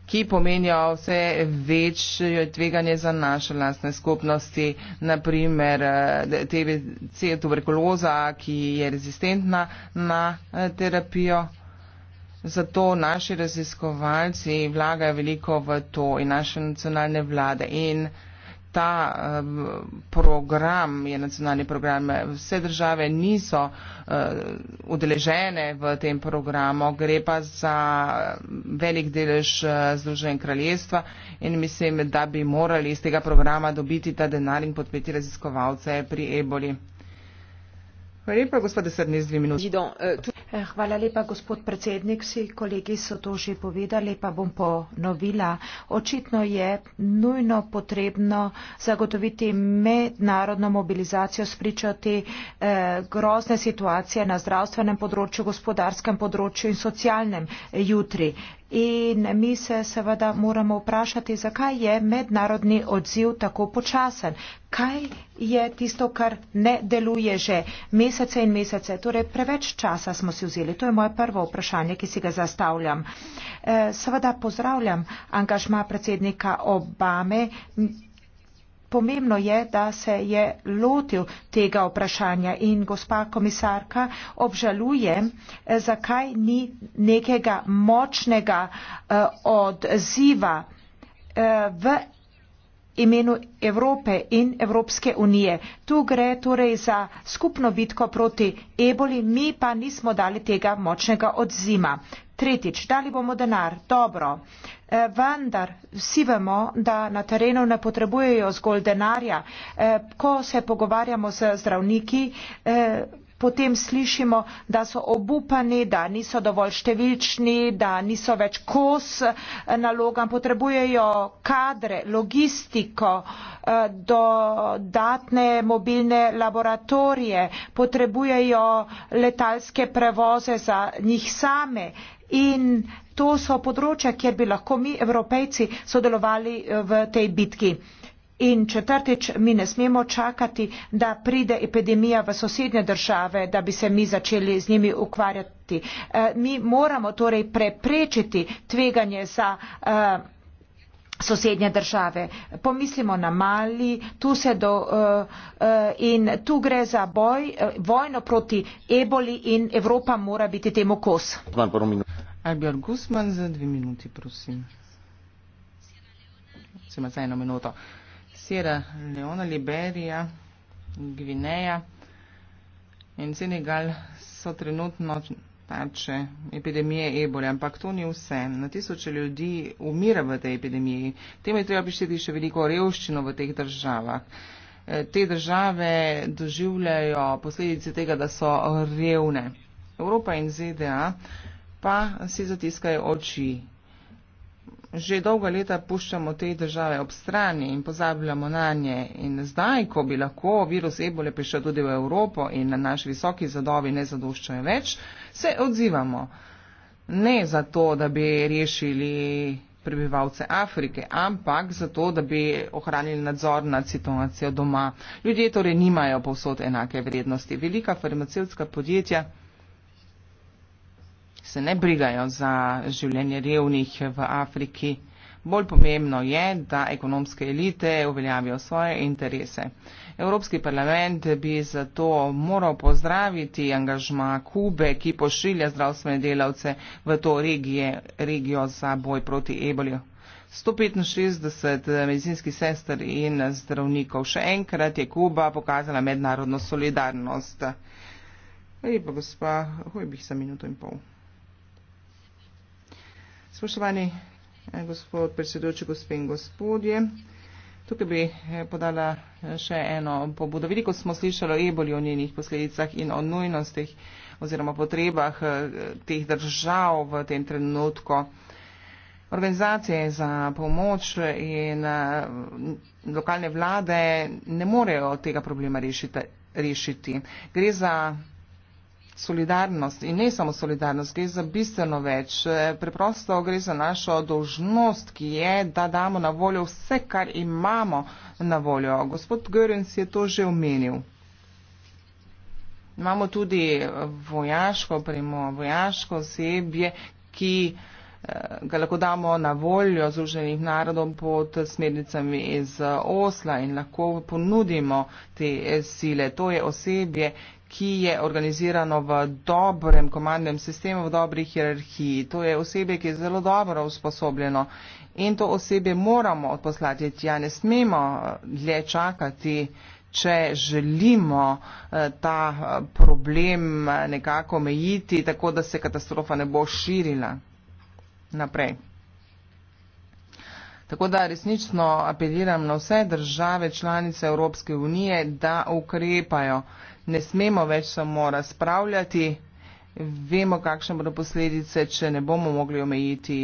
ki pomenijo vse večje tveganje za naše lastne skupnosti, naprimer eh, TBC tuberkuloza, ki je rezistentna na eh, terapijo. Zato naši raziskovalci vlagajo veliko v to in naše nacionalne vlade. In ta program je nacionalni program. Vse države niso eh, udeležene v tem programu, gre pa za velik delež eh, Združenega kraljestva in mislim, da bi morali iz tega programa dobiti ta denar in podpeti raziskovalce pri eboli. Hvala lepa, gospod Srni, z dve minuti. Eh, eh, hvala lepa, gospod predsednik. Vsi kolegi so to že povedali, pa bom ponovila. Očitno je nujno potrebno zagotoviti mednarodno mobilizacijo, spričati eh, grozne situacije na zdravstvenem področju, gospodarskem področju in socialnem eh, jutri. Eh, In mi se seveda moramo vprašati, zakaj je mednarodni odziv tako počasen. Kaj je tisto, kar ne deluje že mesece in mesece? Torej, preveč časa smo si vzeli. To je moje prvo vprašanje, ki si ga zastavljam. Eh, seveda pozdravljam angažma predsednika Obame. Pomembno je, da se je lotil tega vprašanja in gospa komisarka obžaluje, eh, zakaj ni nekega močnega eh, odziva eh, v imenu Evrope in Evropske unije. Tu gre torej za skupno bitko proti eboli, mi pa nismo dali tega močnega odzima. Tretjič, dali bomo denar. Dobro. E, vendar vsi vemo, da na terenu ne potrebujejo zgolj denarja. E, ko se pogovarjamo z zdravniki, e, potem slišimo, da so obupani, da niso dovolj številčni, da niso več kos nalogam, potrebujejo kadre, logistiko, dodatne mobilne laboratorije, potrebujejo letalske prevoze za njih same. In to so področja, kjer bi lahko mi, evropejci, sodelovali eh, v tej bitki. In četrtič, mi ne smemo čakati, da pride epidemija v sosednje države, da bi se mi začeli z njimi ukvarjati. Eh, mi moramo torej preprečiti tveganje za eh, sosednje države. Pomislimo na Mali, tu se do uh, uh, in tu gre za boj, uh, vojno proti eboli in Evropa mora biti temu kos. Albert Guzman za dve minuti, prosim. Sima za eno minuto. Sira Leona, Liberija, Gvineja in Senegal so trenutno tarče epidemije ebole, ampak to ni vse. Na tisoče ljudi umira v tej epidemiji. Tem je treba prišteti še veliko revščino v teh državah. E, te države doživljajo posledice tega, da so revne. Evropa in ZDA pa si zatiskajo oči že dolga leta puščamo te države ob strani in pozabljamo na nje. In zdaj, ko bi lahko virus ebole prišel tudi v Evropo in na naši visoki zadovi ne zadoščajo več, se odzivamo. Ne zato, da bi rešili prebivalce Afrike, ampak zato, da bi ohranili nadzor nad situacijo doma. Ljudje torej nimajo povsod enake vrednosti. Velika farmacevtska podjetja se ne brigajo za življenje revnih v Afriki. Bolj pomembno je, da ekonomske elite uveljavijo svoje interese. Evropski parlament bi zato moral pozdraviti angažma Kube, ki pošilja zdravstvene delavce v to regije, regijo za boj proti ebolju. 165 medicinskih sester in zdravnikov. Še enkrat je Kuba pokazala mednarodno solidarnost. Lepo, gospa, hoj bi za minuto in pol. Spoštovani eh, gospod predsedujoči, gospe in gospodje, tukaj bi eh, podala eh, še eno pobudo. Veliko smo slišali o eboli, o njenih posledicah in o nujnostih oziroma potrebah teh držav v tem trenutku. Organizacije za pomoč in lokalne vlade ne morejo tega problema rešiti. Gre za solidarnost in ne samo solidarnost, gre za bistveno več. Preprosto gre za našo dožnost, ki je, da damo na voljo vse, kar imamo na voljo. Gospod Görens je to že omenil. Imamo tudi vojaško premo, vojaško osebje, ki eh, ga lahko damo na voljo Združenih narodov pod smernicami iz Osla in lahko ponudimo te sile. To je osebje, ki je organizirano v dobrem komandnem sistemu, v dobri hierarhiji. To je osebe, ki je zelo dobro usposobljeno in to osebe moramo odposlati. Ja, ne smemo eh, dlje čakati, če želimo eh, ta eh, problem nekako mejiti, tako da se katastrofa ne bo širila naprej. Tako da resnično apeliram na vse države članice Evropske unije, da ukrepajo ne smemo več samo razpravljati. Vemo, kakšne bodo posledice, če ne bomo mogli omejiti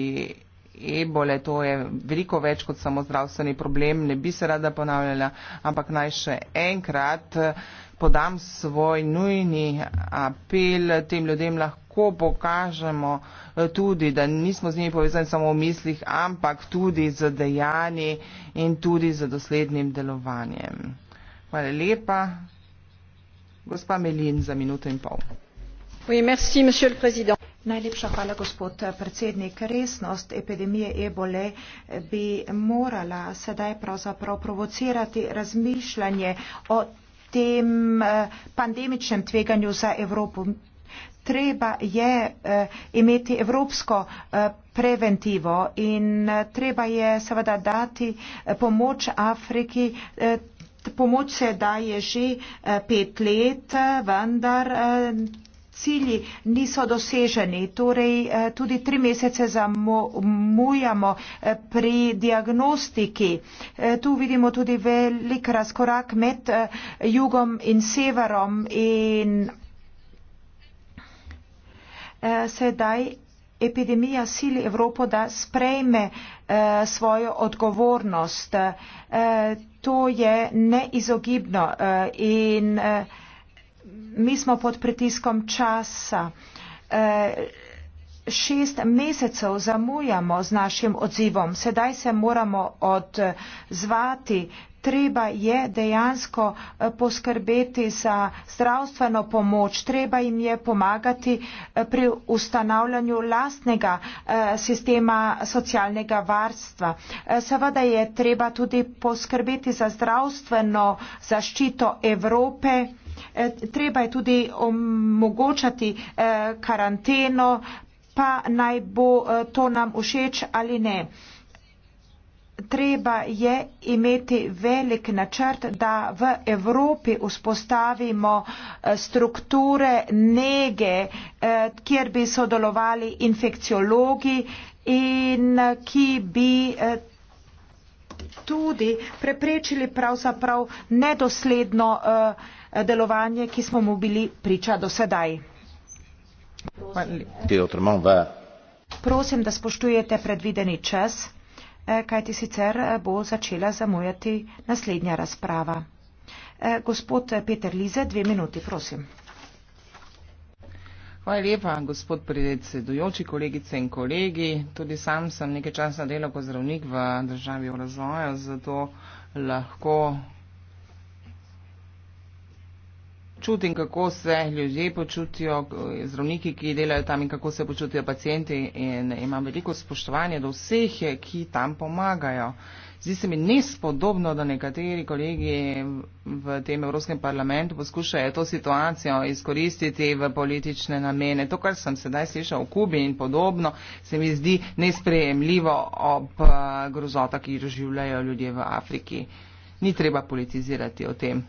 ebole. To je veliko več kot samo zdravstveni problem. Ne bi se rada ponavljala, ampak naj še enkrat eh, podam svoj nujni apel tem ljudem lahko ko pokažemo eh, tudi, da nismo z njimi povezani samo v mislih, ampak tudi z dejanji in tudi z doslednim delovanjem. Hvala lepa, gospa melin za minuto in pol Najlepša hvala, gospod predsednik. Resnost epidemije ebole bi morala sedaj pravzaprav provocirati razmišljanje o tem eh, pandemičnem tveganju za Evropo. Treba je eh, imeti evropsko eh, preventivo in treba je seveda dati pomoč Afriki pomoč se daje že eh, pet let, eh, vendar eh, cilji niso doseženi. Torej, tudi tri mesece zamujamo pri diagnostiki. Tu vidimo tudi velik razkorak med jugom in severom in sedaj epidemija sili Evropo, da sprejme eh, svojo odgovornost. Eh, to je neizogibno eh, in eh, mi smo pod pritiskom časa. Eh, Šest mesecev zamujamo z našim odzivom, sedaj se moramo odzvati, treba je dejansko eh, poskrbeti za zdravstveno pomoč, treba jim je pomagati eh, pri ustanavljanju lastnega eh, sistema socialnega varstva. Seveda je treba tudi poskrbeti za zdravstveno zaščito Evrope. Treba je tudi omogočati karanteno, pa naj bo to nam všeč ali ne treba je imeti velik načrt, da v Evropi vzpostavimo eh, strukture nege, eh, kjer bi sodelovali infekciologi in eh, ki bi tudi preprečili pravzaprav nedosledno delovanje, ki smo mu bili priča do sedaj. Prosim, da spoštujete predvideni čas. Eh, kajti sicer eh, bo začela zamujati naslednja razprava. Eh, gospod Peter Lize, dve minuti, prosim. Hvala lepa, gospod predsedujoči, kolegice in kolegi. Tudi sam sem nekaj časa delal kot zdravnik v državi v razvoju, zato lahko čutim, kako se ljudje počutijo, zdravniki, ki delajo tam in kako se počutijo pacijenti in imam veliko spoštovanja do vseh, ki tam pomagajo. Zdi se mi nespodobno, da nekateri kolegi v tem Evropskem parlamentu poskušajo to situacijo izkoristiti v politične namene. To, kar sem sedaj slišal v Kubi in podobno, se mi zdi nesprejemljivo ob eh, grozota, ki jo življajo ljudje v Afriki. Ni treba politizirati o tem.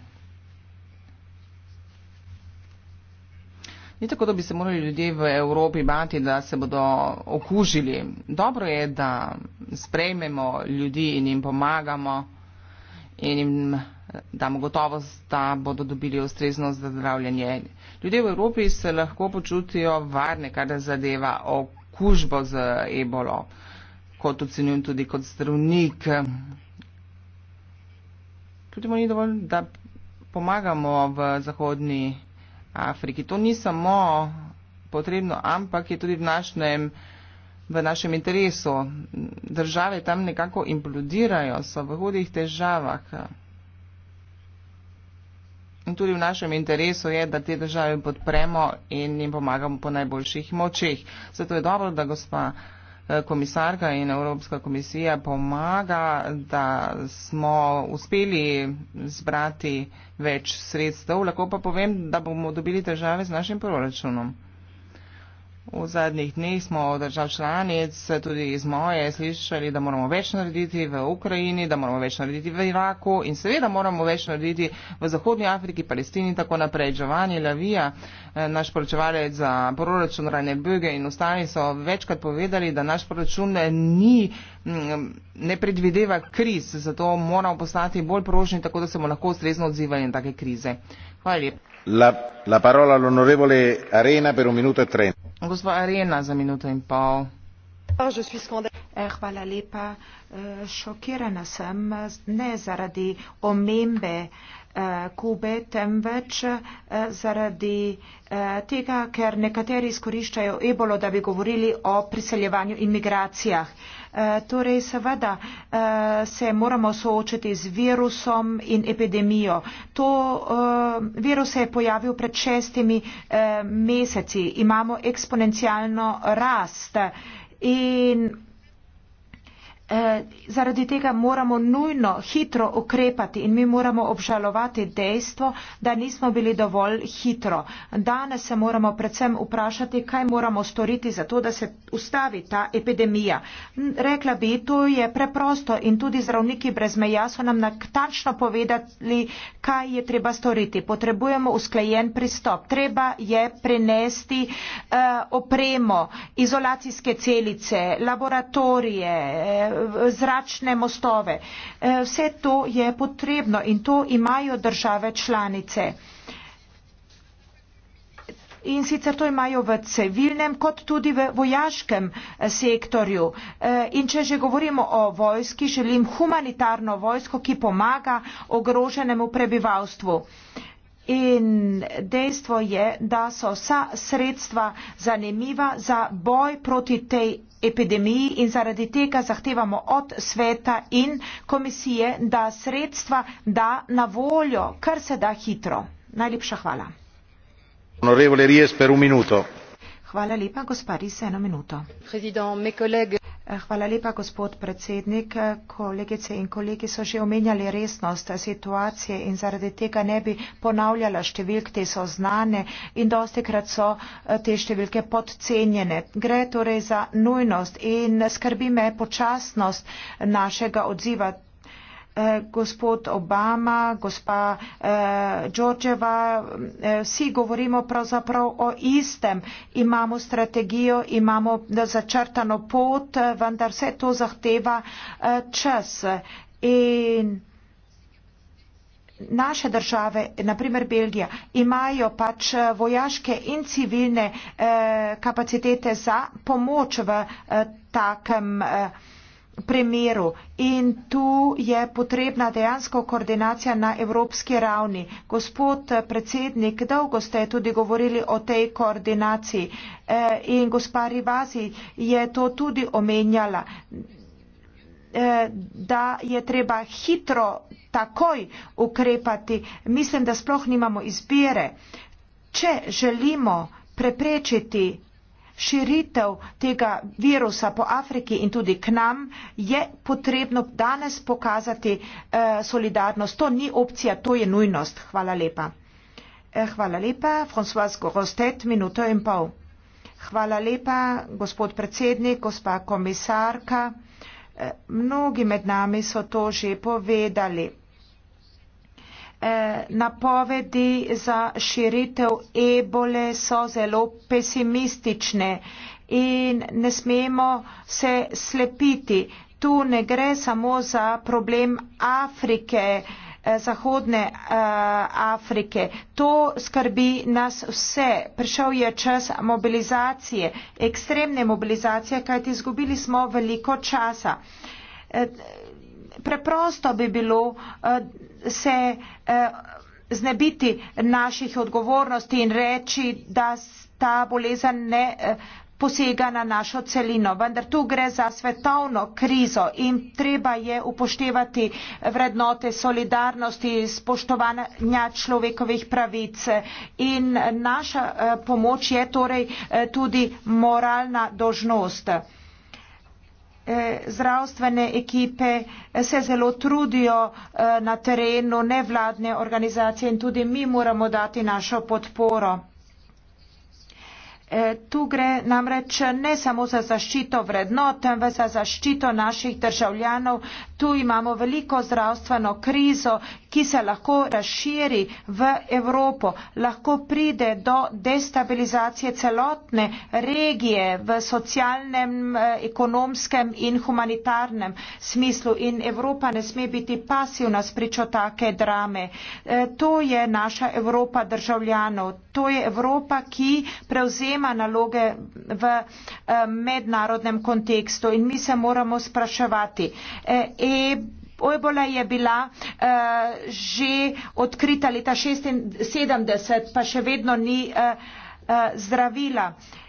Ni tako, da bi se morali ljudje v Evropi bati, da se bodo okužili. Dobro je, da sprejmemo ljudi in jim pomagamo in jim damo gotovost, da bodo dobili ustrezno zdravljenje. Ljudje v Evropi se lahko počutijo varne, kar zadeva okužbo z ebolo, kot ocenjujem tudi kot zdravnik. Tudi mu ni dovolj, da pomagamo v zahodni Evropi Afriki. To ni samo potrebno, ampak je tudi v našem, v našem interesu. Države tam nekako implodirajo, so v hudih težavah. In tudi v našem interesu je, da te države podpremo in jim pomagamo po najboljših močeh. Zato je dobro, da gospa komisarka in Evropska komisija pomaga, da smo uspeli zbrati več sredstev. Lahko pa povem, da bomo dobili težave z našim proračunom. V zadnjih dneh smo od držav članic, tudi iz moje, slišali, da moramo več narediti v Ukrajini, da moramo več narediti v Iraku in seveda moramo več narediti v Zahodnji Afriki, Palestini in tako naprej. Giovanni Lavija, eh, naš poročevalec za proračun Rane Böge in ostali so večkrat povedali, da naš proračun ni, mm, ne predvideva kriz, zato moramo postati bolj prožni, tako da se bomo lahko ustrezno odzivali na take krize. Hvala lepa. La, la parola l'onorevole Arena per un minuto e trenta. Gospod Arena za minuto in pol. Oh, eh, hvala lepa. Eh, šokirana sem ne zaradi omembe. Kube, temveč eh, zaradi eh, tega, ker nekateri izkoriščajo ebolo, da bi govorili o priseljevanju in migracijah. Eh, torej, seveda se moramo soočiti z virusom in epidemijo. To virus se je pojavil pred šestimi meseci. Imamo eksponencialno rast in Eh, zaradi tega moramo nujno hitro ukrepati in mi moramo obžalovati dejstvo, da nismo bili dovolj hitro. Danes se moramo predvsem vprašati, kaj moramo storiti za to, da se ustavi ta epidemija. Rekla bi, to je preprosto in tudi zdravniki brez meja so nam natančno povedali, kaj je treba storiti. Potrebujemo usklejen pristop. Treba je prenesti uh, opremo, izolacijske celice, laboratorije, uh, zračne mostove. E, vse to je potrebno in to imajo države članice. In sicer to imajo v civilnem kot tudi v vojaškem e, sektorju. E, in če že govorimo o vojski, želim humanitarno vojsko, ki pomaga ogroženemu prebivalstvu. In dejstvo je, da so vsa sredstva zanimiva za boj proti tej epidemiji in zaradi tega zahtevamo od sveta in komisije, da sredstva da na voljo, kar se da hitro. Najlepša hvala. Hvala lepa, gospa Ries, eno minuto. Hvala lepa, gospod predsednik. Kolegice in kolegi so že omenjali resnost situacije in zaradi tega ne bi ponavljala številk, te so znane in dostikrat so eh, te številke podcenjene. Gre torej za nujnost in skrbi me počasnost našega odziva. Eh, gospod Obama, gospa eh, Đorđeva, eh, vsi govorimo pravzaprav o istem. Imamo strategijo, imamo začrtano pot, eh, vendar vse to zahteva eh, čas. In naše države, naprimer Belgija, imajo pač eh, vojaške in civilne eh, kapacitete za pomoč v eh, takem. Eh, primeru. In tu je potrebna dejansko koordinacija na evropski ravni. Gospod eh, predsednik, dolgo ste tudi govorili o tej koordinaciji eh, in gospa Rivazi je to tudi omenjala, eh, da je treba hitro takoj ukrepati. Mislim, da sploh nimamo izbire. Če želimo preprečiti širitev tega virusa po Afriki in tudi k nam, je potrebno danes pokazati eh, solidarnost. To ni opcija, to je nujnost. Hvala lepa. Eh, hvala lepa. François Gorostet, minuto in pol. Hvala lepa, gospod predsednik, gospa komisarka. Eh, mnogi med nami so to že povedali. Eh, napovedi za širitev ebole so zelo pesimistične in ne smemo se slepiti. Tu ne gre samo za problem Afrike, eh, Zahodne eh, Afrike. To skrbi nas vse. Prišel je čas mobilizacije, ekstremne mobilizacije, kajti izgubili smo veliko časa preprosto bi bilo uh, se uh, znebiti naših odgovornosti in reči, da ta bolezen ne eh, posega na našo celino. Vendar tu gre za svetovno krizo in treba je upoštevati vrednote solidarnosti, spoštovanja človekovih pravic. In naša pomoč je torej tudi moralna dožnost. Eh, zdravstvene ekipe eh, se zelo trudijo eh, na terenu, nevladne organizacije in tudi mi moramo dati našo podporo. Tu gre namreč ne samo za zaščito vrednot, temveč za zaščito naših državljanov, tu imamo veliko zdravstveno krizo, ki se lahko razširi v Evropo, lahko pride do destabilizacije celotne regije v socialnem, eh, ekonomskem in humanitarnem smislu in Evropa ne sme biti pasivna spričo take drame. Eh, to je naša Evropa državljanov, to je Evropa, ki prevzema naloge v eh, mednarodnem kontekstu in mi se moramo spraševati. E, te ebola je bila uh, že odkrita leta 76, pa še vedno ni uh, uh, zdravila. Uh,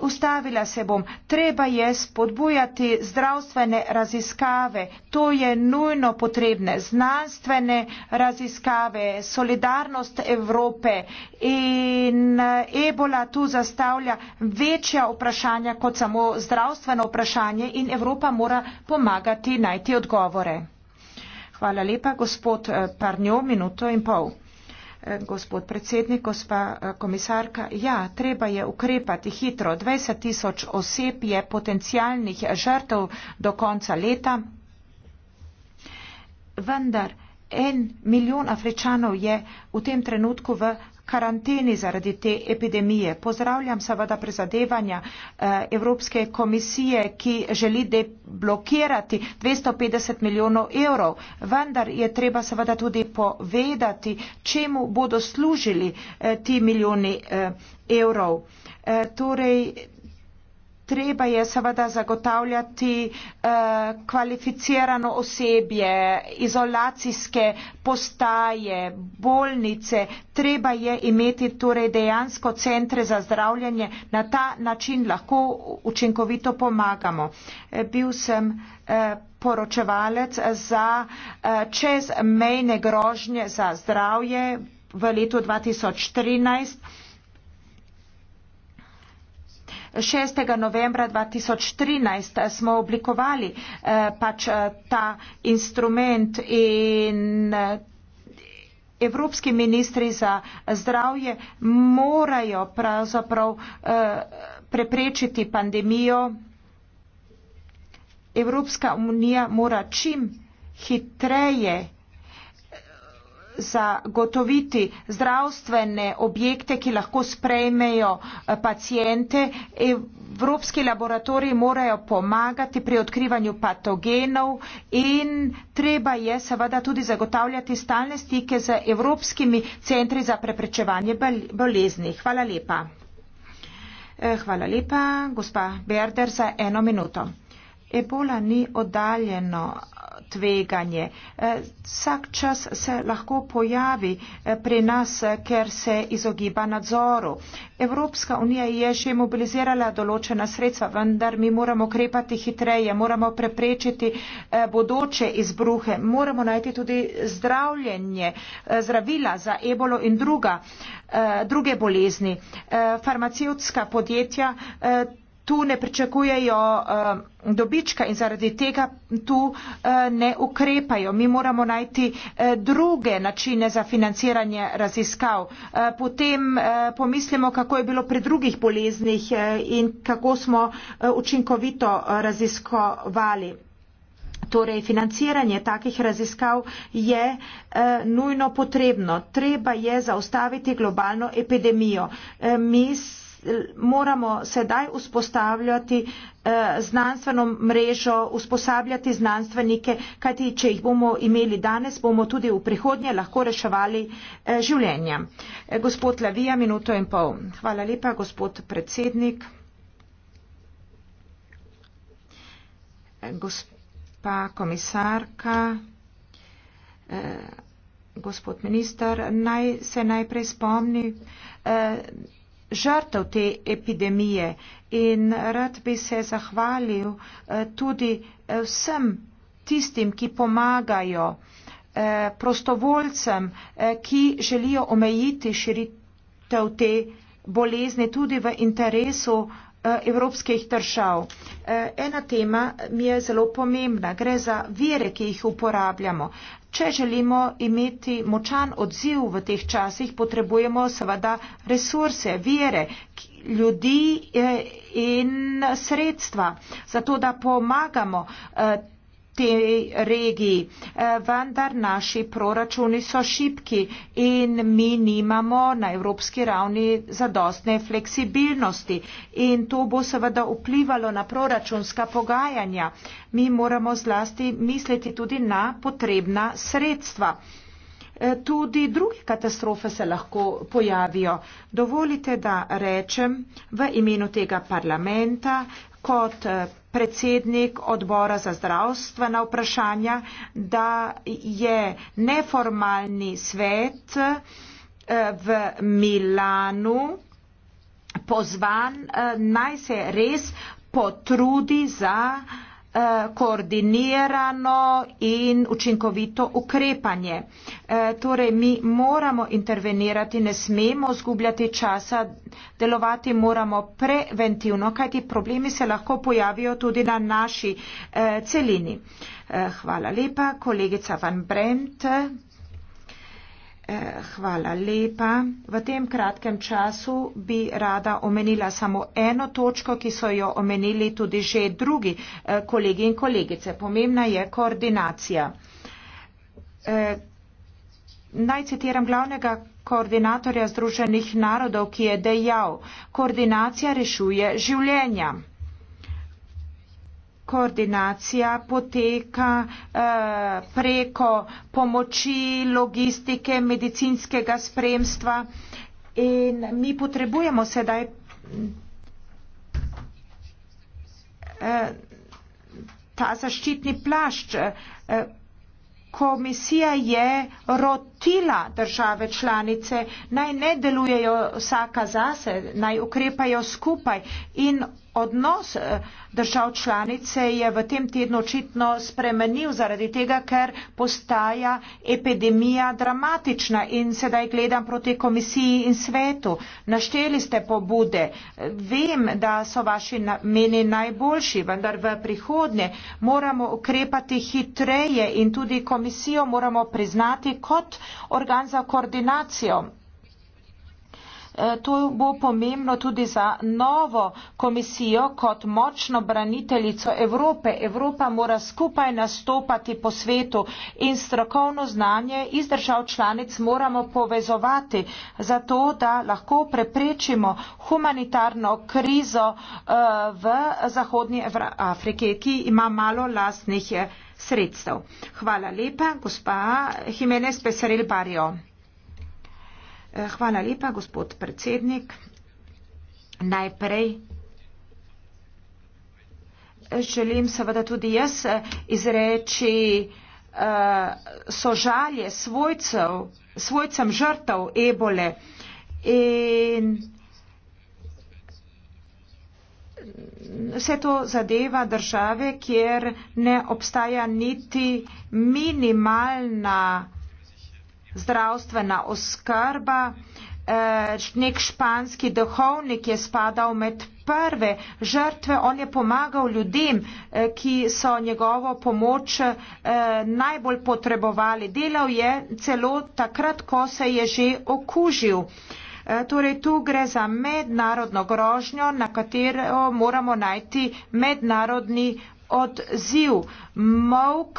ustavila se bom, treba je spodbujati zdravstvene raziskave, to je nujno potrebne, znanstvene raziskave, solidarnost Evrope in eh, ebola tu zastavlja večja vprašanja kot samo zdravstveno vprašanje in Evropa mora pomagati najti odgovore. Hvala lepa, gospod eh, Parnjo, minuto in pol gospod predsednik, gospa eh, komisarka, ja, treba je ukrepati hitro. 20 tisoč oseb je potencijalnih žrtev do konca leta, vendar en milijon afričanov je v tem trenutku v karanteni zaradi te epidemije. Pozdravljam seveda prizadevanja eh, Evropske komisije, ki želi deblokirati 250 milijonov evrov, vendar je treba seveda tudi povedati, čemu bodo služili eh, ti milijoni eh, evrov. Torej, Treba je seveda zagotavljati eh, kvalificirano osebje, izolacijske postaje, bolnice. Treba je imeti torej dejansko centre za zdravljanje. Na ta način lahko učinkovito pomagamo. Eh, bil sem eh, poročevalec za eh, čezmejne grožnje za zdravje v letu 2013. 6. novembra 2013 smo oblikovali eh, pač eh, ta instrument in eh, evropski ministri za zdravje morajo pravzaprav preprečiti pandemijo. Evropska unija mora čim hitreje zagotoviti zdravstvene objekte, ki lahko sprejmejo eh, pacijente. Evropski laboratoriji morajo pomagati pri odkrivanju patogenov in treba je seveda tudi zagotavljati stalne stike z Evropskimi centri za preprečevanje bolezni. Hvala lepa. Eh, hvala lepa, gospa Berder, za eno minuto. Ebola ni oddaljeno tveganje. Eh, vsak čas se lahko pojavi eh, pri nas, eh, ker se izogiba nadzoru. Evropska unija je že mobilizirala določena sredstva, vendar mi moramo krepati hitreje, moramo preprečiti bodoče izbruhe, moramo najti tudi zdravljenje, zdravila za ebolo in druga, druge bolezni. Farmacijska podjetja tu ne pričakujejo uh, dobička in zaradi tega tu uh, ne ukrepajo. Mi moramo najti uh, druge načine za financiranje raziskav. Uh, potem uh, pomislimo, kako je bilo pri drugih boleznih uh, in kako smo uh, učinkovito uh, raziskovali. Torej, financiranje takih raziskav je e, nujno potrebno. Treba je zaustaviti globalno epidemijo. E, mis, moramo sedaj vzpostavljati eh, znanstveno mrežo, usposabljati znanstvenike, kajti če jih bomo imeli danes, bomo tudi v prihodnje lahko reševali eh, življenja. Eh, gospod Lavija, minuto in pol. Hvala lepa, gospod predsednik. Gospa komisarka. Gospod minister, naj se najprej spomni žrtev te epidemije in rad bi se zahvalil eh, tudi eh, vsem tistim, ki pomagajo eh, prostovoljcem, ki želijo omejiti širitev te bolezni tudi v interesu evropskih držav. Ena tema mi je zelo pomembna. Gre za vire, ki jih uporabljamo. Če želimo imeti močan odziv v teh časih, potrebujemo seveda resurse, vire, ljudi eh, in sredstva, zato da pomagamo eh, tej regiji. E, vendar naši proračuni so šipki in mi nimamo na evropski ravni zadostne fleksibilnosti. In to bo seveda vplivalo na proračunska pogajanja. Mi moramo zlasti misliti tudi na potrebna sredstva. E, tudi druge katastrofe se lahko pojavijo. Dovolite, da rečem v imenu tega parlamenta, kot eh, predsednik odbora za zdravstvena vprašanja, da je neformalni svet eh, v Milanu pozvan eh, naj se res potrudi za Eh, koordinirano in učinkovito ukrepanje. Eh, torej, mi moramo intervenirati, ne smemo zgubljati časa, delovati moramo preventivno, kajti problemi se lahko pojavijo tudi na naši eh, celini. Hvala lepa, kolegica Van Brent. Eh, hvala lepa. V tem kratkem času bi rada omenila samo eno točko, ki so jo omenili tudi že drugi eh, kolegi in kolegice. Pomembna je koordinacija. Eh, naj citiram glavnega koordinatorja Združenih narodov, ki je dejal, koordinacija rešuje življenja koordinacija poteka eh, preko pomoči, logistike, medicinskega spremstva in mi potrebujemo sedaj eh, ta zaščitni plašč. Eh, komisija je rotila države članice, naj ne delujejo vsaka zase, naj ukrepajo skupaj in Odnos eh, držav članice je v tem tednu očitno spremenil zaradi tega, ker postaja epidemija dramatična in sedaj gledam proti komisiji in svetu. Našteli ste pobude, vem, da so vaši meni najboljši, vendar v prihodnje moramo ukrepati hitreje in tudi komisijo moramo priznati kot organ za koordinacijo. Eh, to bo pomembno tudi za novo komisijo kot močno braniteljico Evrope. Evropa mora skupaj nastopati po svetu in strokovno znanje iz držav članic moramo povezovati, zato da lahko preprečimo humanitarno krizo eh, v Zahodnji Afriki, ki ima malo lastnih eh, sredstev. Hvala lepa, gospa Jimenez Peseril Barjo. Eh, hvala lepa, gospod predsednik. Najprej eh, želim seveda tudi jaz eh, izreči sožalje svojcev, svojcem žrtev ebole in vse to zadeva države, kjer ne obstaja niti minimalna zdravstvena oskrba. Eh, nek španski duhovnik je spadal med prve žrtve, on je pomagal ljudem, eh, ki so njegovo pomoč eh, najbolj potrebovali. Delal je celo takrat, ko se je že okužil. Torej, tu gre za mednarodno grožnjo, na katero moramo najti mednarodni odziv. Mok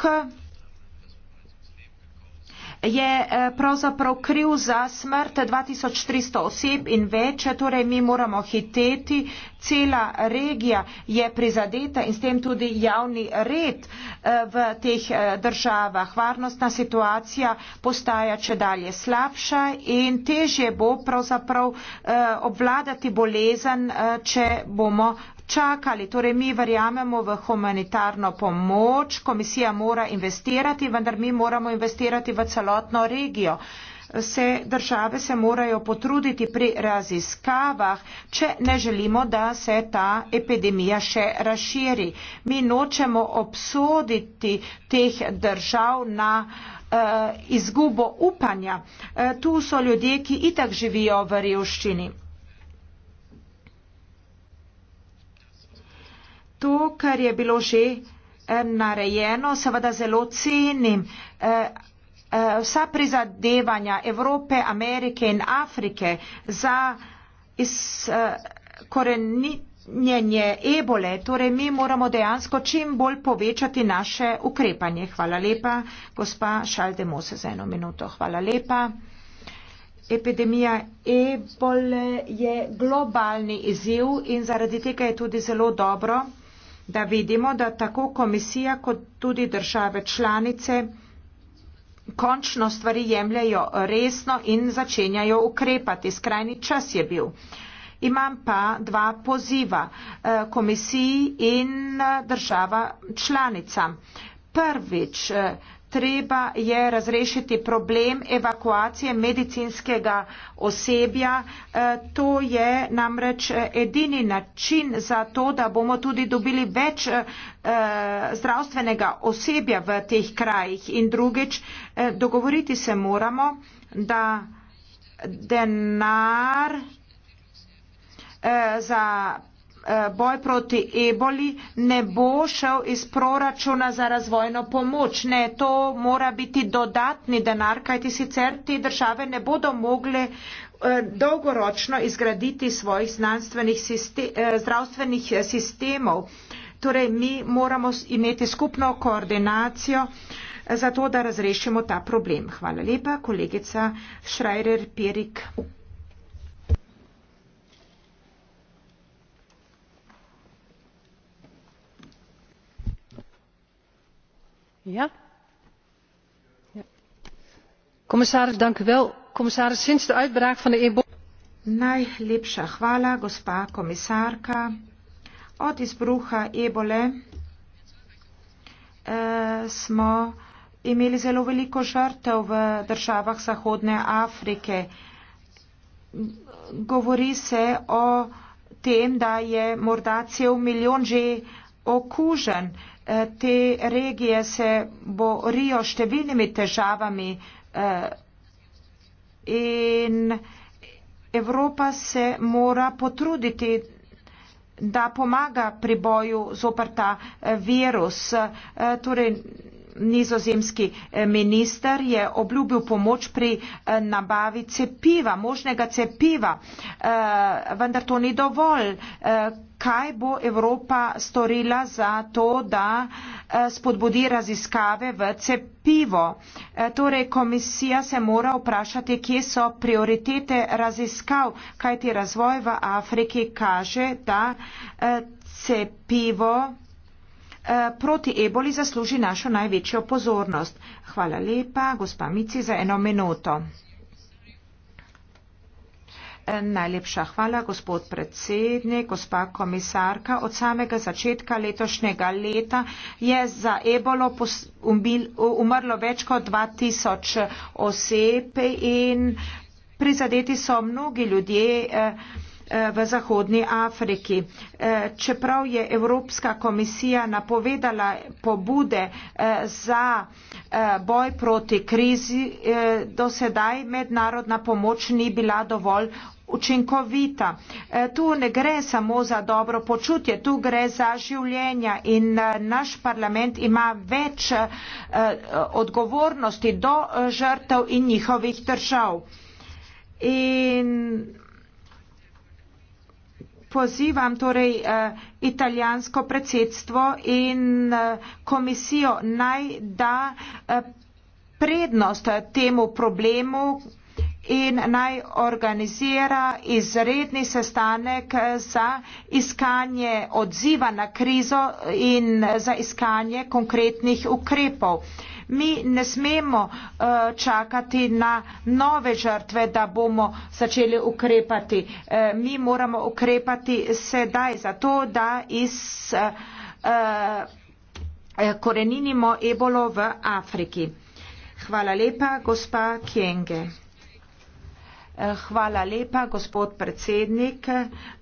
je eh, pravzaprav kriv za smrt 2300 oseb in več, torej mi moramo hiteti, cela regija je prizadeta in s tem tudi javni red eh, v teh eh, državah. Varnostna situacija postaja če dalje slabša in težje bo pravzaprav obvladati bolezen, če bomo čakali. Torej, mi verjamemo v humanitarno pomoč, komisija mora investirati, vendar mi moramo investirati v celotno regijo. Vse države se morajo potruditi pri raziskavah, če ne želimo, da se ta epidemija še razširi. Mi nočemo obsoditi teh držav na eh, izgubo upanja. Eh, tu so ljudje, ki itak živijo v revščini. to, kar je bilo že eh, narejeno, seveda zelo cenim. Eh, eh, vsa prizadevanja Evrope, Amerike in Afrike za izkorenjenje ebole, torej mi moramo dejansko čim bolj povečati naše ukrepanje. Hvala lepa, gospa Šaldemose, za eno minuto. Hvala lepa. Epidemija ebole je globalni izziv in zaradi tega je tudi zelo dobro, da vidimo, da tako komisija kot tudi države članice končno stvari jemljajo resno in začenjajo ukrepati. Skrajni čas je bil. Imam pa dva poziva eh, komisiji in eh, država članica. Prvič, eh, treba je razrešiti problem evakuacije medicinskega osebja. E, to je namreč edini način za to, da bomo tudi dobili več e, zdravstvenega osebja v teh krajih. In drugič, e, dogovoriti se moramo, da denar za Eh, boj proti eboli ne bo šel iz proračuna za razvojno pomoč. Ne, to mora biti dodatni denar, kajti sicer te države ne bodo mogle eh, dolgoročno izgraditi svojih sistem, eh, zdravstvenih sistemov. Torej, mi moramo imeti skupno koordinacijo za to, da razrešimo ta problem. Hvala lepa, kolegica Schreier-Pirik. Ja. Ja. commissaris sinds de uitbraak van de ebola crisis zijn in nigeria meer dan honderdvijftig doden gevallen en tientallen gewonden. najlepša hvala gospa komisarka. od izbruha ebole eh, smo imeli zelo veliko žrtev v državah zahodne afrike. govori se o tem da je morda cel milijon že okužen. Eh, te regije se borijo številnimi težavami eh, in Evropa se mora potruditi, da pomaga pri boju zoprta eh, virus. Torej, nizozemski eh, minister je obljubil pomoč pri eh, nabavi cepiva, možnega cepiva, eh, vendar to ni dovolj. Kaj bo Evropa storila za to, da spodbudi raziskave v cepivo? Torej, komisija se mora vprašati, kje so prioritete raziskav, kaj ti razvoj v Afriki kaže, da cepivo. Eh, proti eboli zasluži našo največjo pozornost. Hvala lepa, gospa Mici, za eno minuto. Eh, najlepša hvala, gospod predsednik, gospa komisarka. Od samega začetka letošnjega leta je za ebolo umrlo več kot 2000 oseb in prizadeti so mnogi ljudje. Eh, Eh, v Zahodni Afriki. Eh, čeprav je Evropska komisija napovedala pobude eh, za boj proti krizi, do sedaj mednarodna pomoč ni bila dovolj učinkovita. Tu ne gre samo za dobro počutje, tu gre za življenja in naš parlament ima več odgovornosti do žrtev in njihovih držav. In pozivam torej eh, italijansko predsedstvo in eh, komisijo naj da eh, prednost temu problemu in naj organizira izredni sestanek za iskanje odziva na krizo in za iskanje konkretnih ukrepov mi ne smemo eh, čakati na nove žrtve, da bomo začeli ukrepati. Eh, mi moramo ukrepati sedaj za to, da iz eh, korenimo ebolo v Afriki. Hvala lepa, gospa Kjenge. Hvala lepa, gospod predsednik.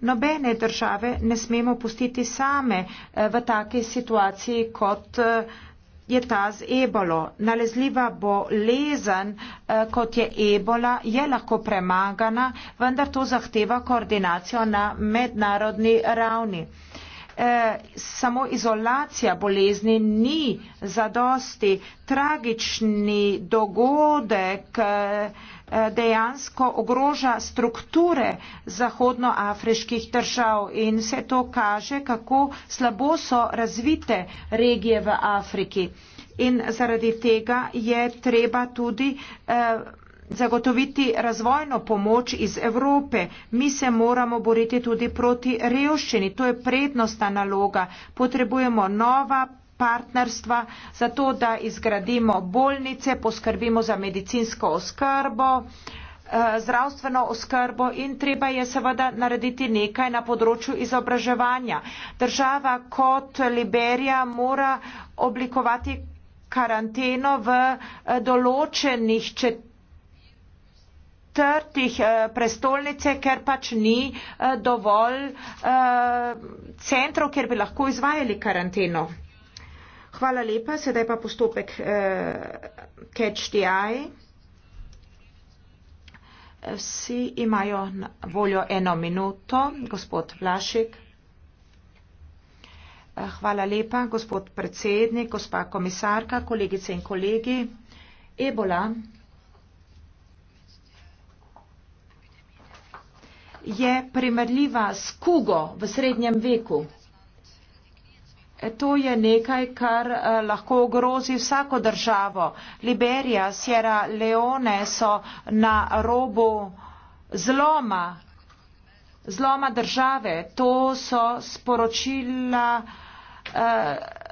Nobene države ne smemo pustiti same v takej situaciji kot je ta z ebolo. Nalezljiva bolezen, eh, kot je ebola, je lahko premagana, vendar to zahteva koordinacijo na mednarodni ravni. E, samo izolacija bolezni ni zadosti. Tragični dogodek. E, dejansko ogroža strukture zahodnoafriških držav in vse to kaže, kako slabo so razvite regije v Afriki. In zaradi tega je treba tudi eh, zagotoviti razvojno pomoč iz Evrope. Mi se moramo boriti tudi proti revščini. To je prednostna naloga. Potrebujemo nova partnerstva, zato da izgradimo bolnice, poskrbimo za medicinsko oskrbo, eh, zdravstveno oskrbo in treba je seveda narediti nekaj na področju izobraževanja. Država kot Liberija mora oblikovati karanteno v eh, določenih četrtih eh, prestolnice, ker pač ni dovolj centrov, kjer bi lahko izvajali karanteno. Hvala lepa. Sedaj pa postopek eh, catch-the-eye. Vsi imajo na voljo eno minuto. Gospod Vlašik. Eh, hvala lepa, gospod predsednik, gospa komisarka, kolegice in kolegi. Ebola je primerljiva s kugo v srednjem veku. To je nekaj, kar eh, lahko ogrozi vsako državo. Liberija, Sierra Leone so na robu zloma, zloma države. To so sporočila. Uh,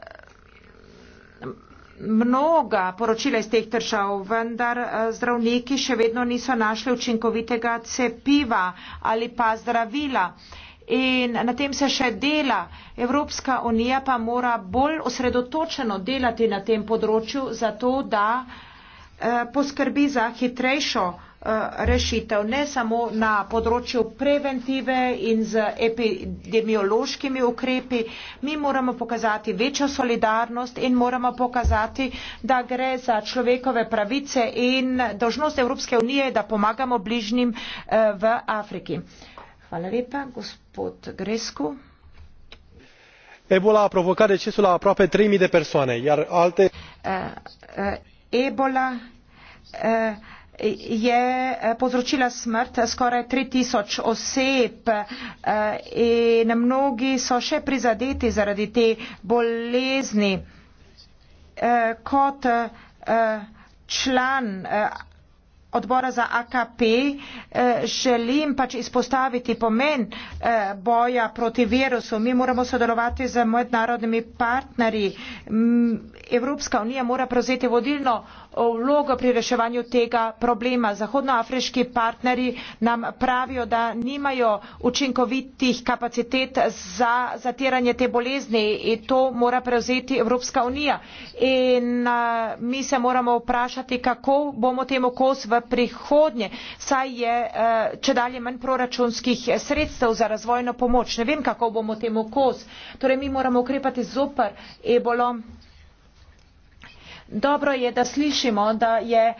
Mnoga poročila iz teh držav, vendar eh, zdravniki še vedno niso našli učinkovitega cepiva ali pa zdravila. Uh, in na tem se še dela. Evropska unija pa mora bolj osredotočeno delati na tem področju, zato da eh, poskrbi za hitrejšo eh, rešitev, ne samo na področju preventive in z epidemiološkimi ukrepi. Mi moramo pokazati večjo solidarnost in moramo pokazati, da gre za človekove pravice in dožnost Evropske unije, da pomagamo bližnjim eh, v Afriki. Hvala lepa. Gospod ebola a provocat decesul a aproape trei mii de persoane iar alte. Eh, eh, ebola je eh, povzročila smrt skoraj tri tisoč oseb in mnogi so še prizadeti zaradi te bolezni kot član odbora za AKP eh, želim pač izpostaviti pomen eh, boja proti virusu. Mi moramo sodelovati z mednarodnimi partnerji. Evropska unija mora prevzeti vodilno vlogo pri reševanju tega problema. Zahodnoafriški partneri nam pravijo, da nimajo učinkovitih kapacitet za zatiranje te bolezni in to mora prevzeti Evropska unija. In a, mi se moramo vprašati, kako bomo temu kos v prihodnje, saj je a, če dalje manj proračunskih sredstev za razvojno pomoč. Ne vem, kako bomo temu kos. Torej, mi moramo ukrepati zopr ebolo dobro je da slišimo da je eh,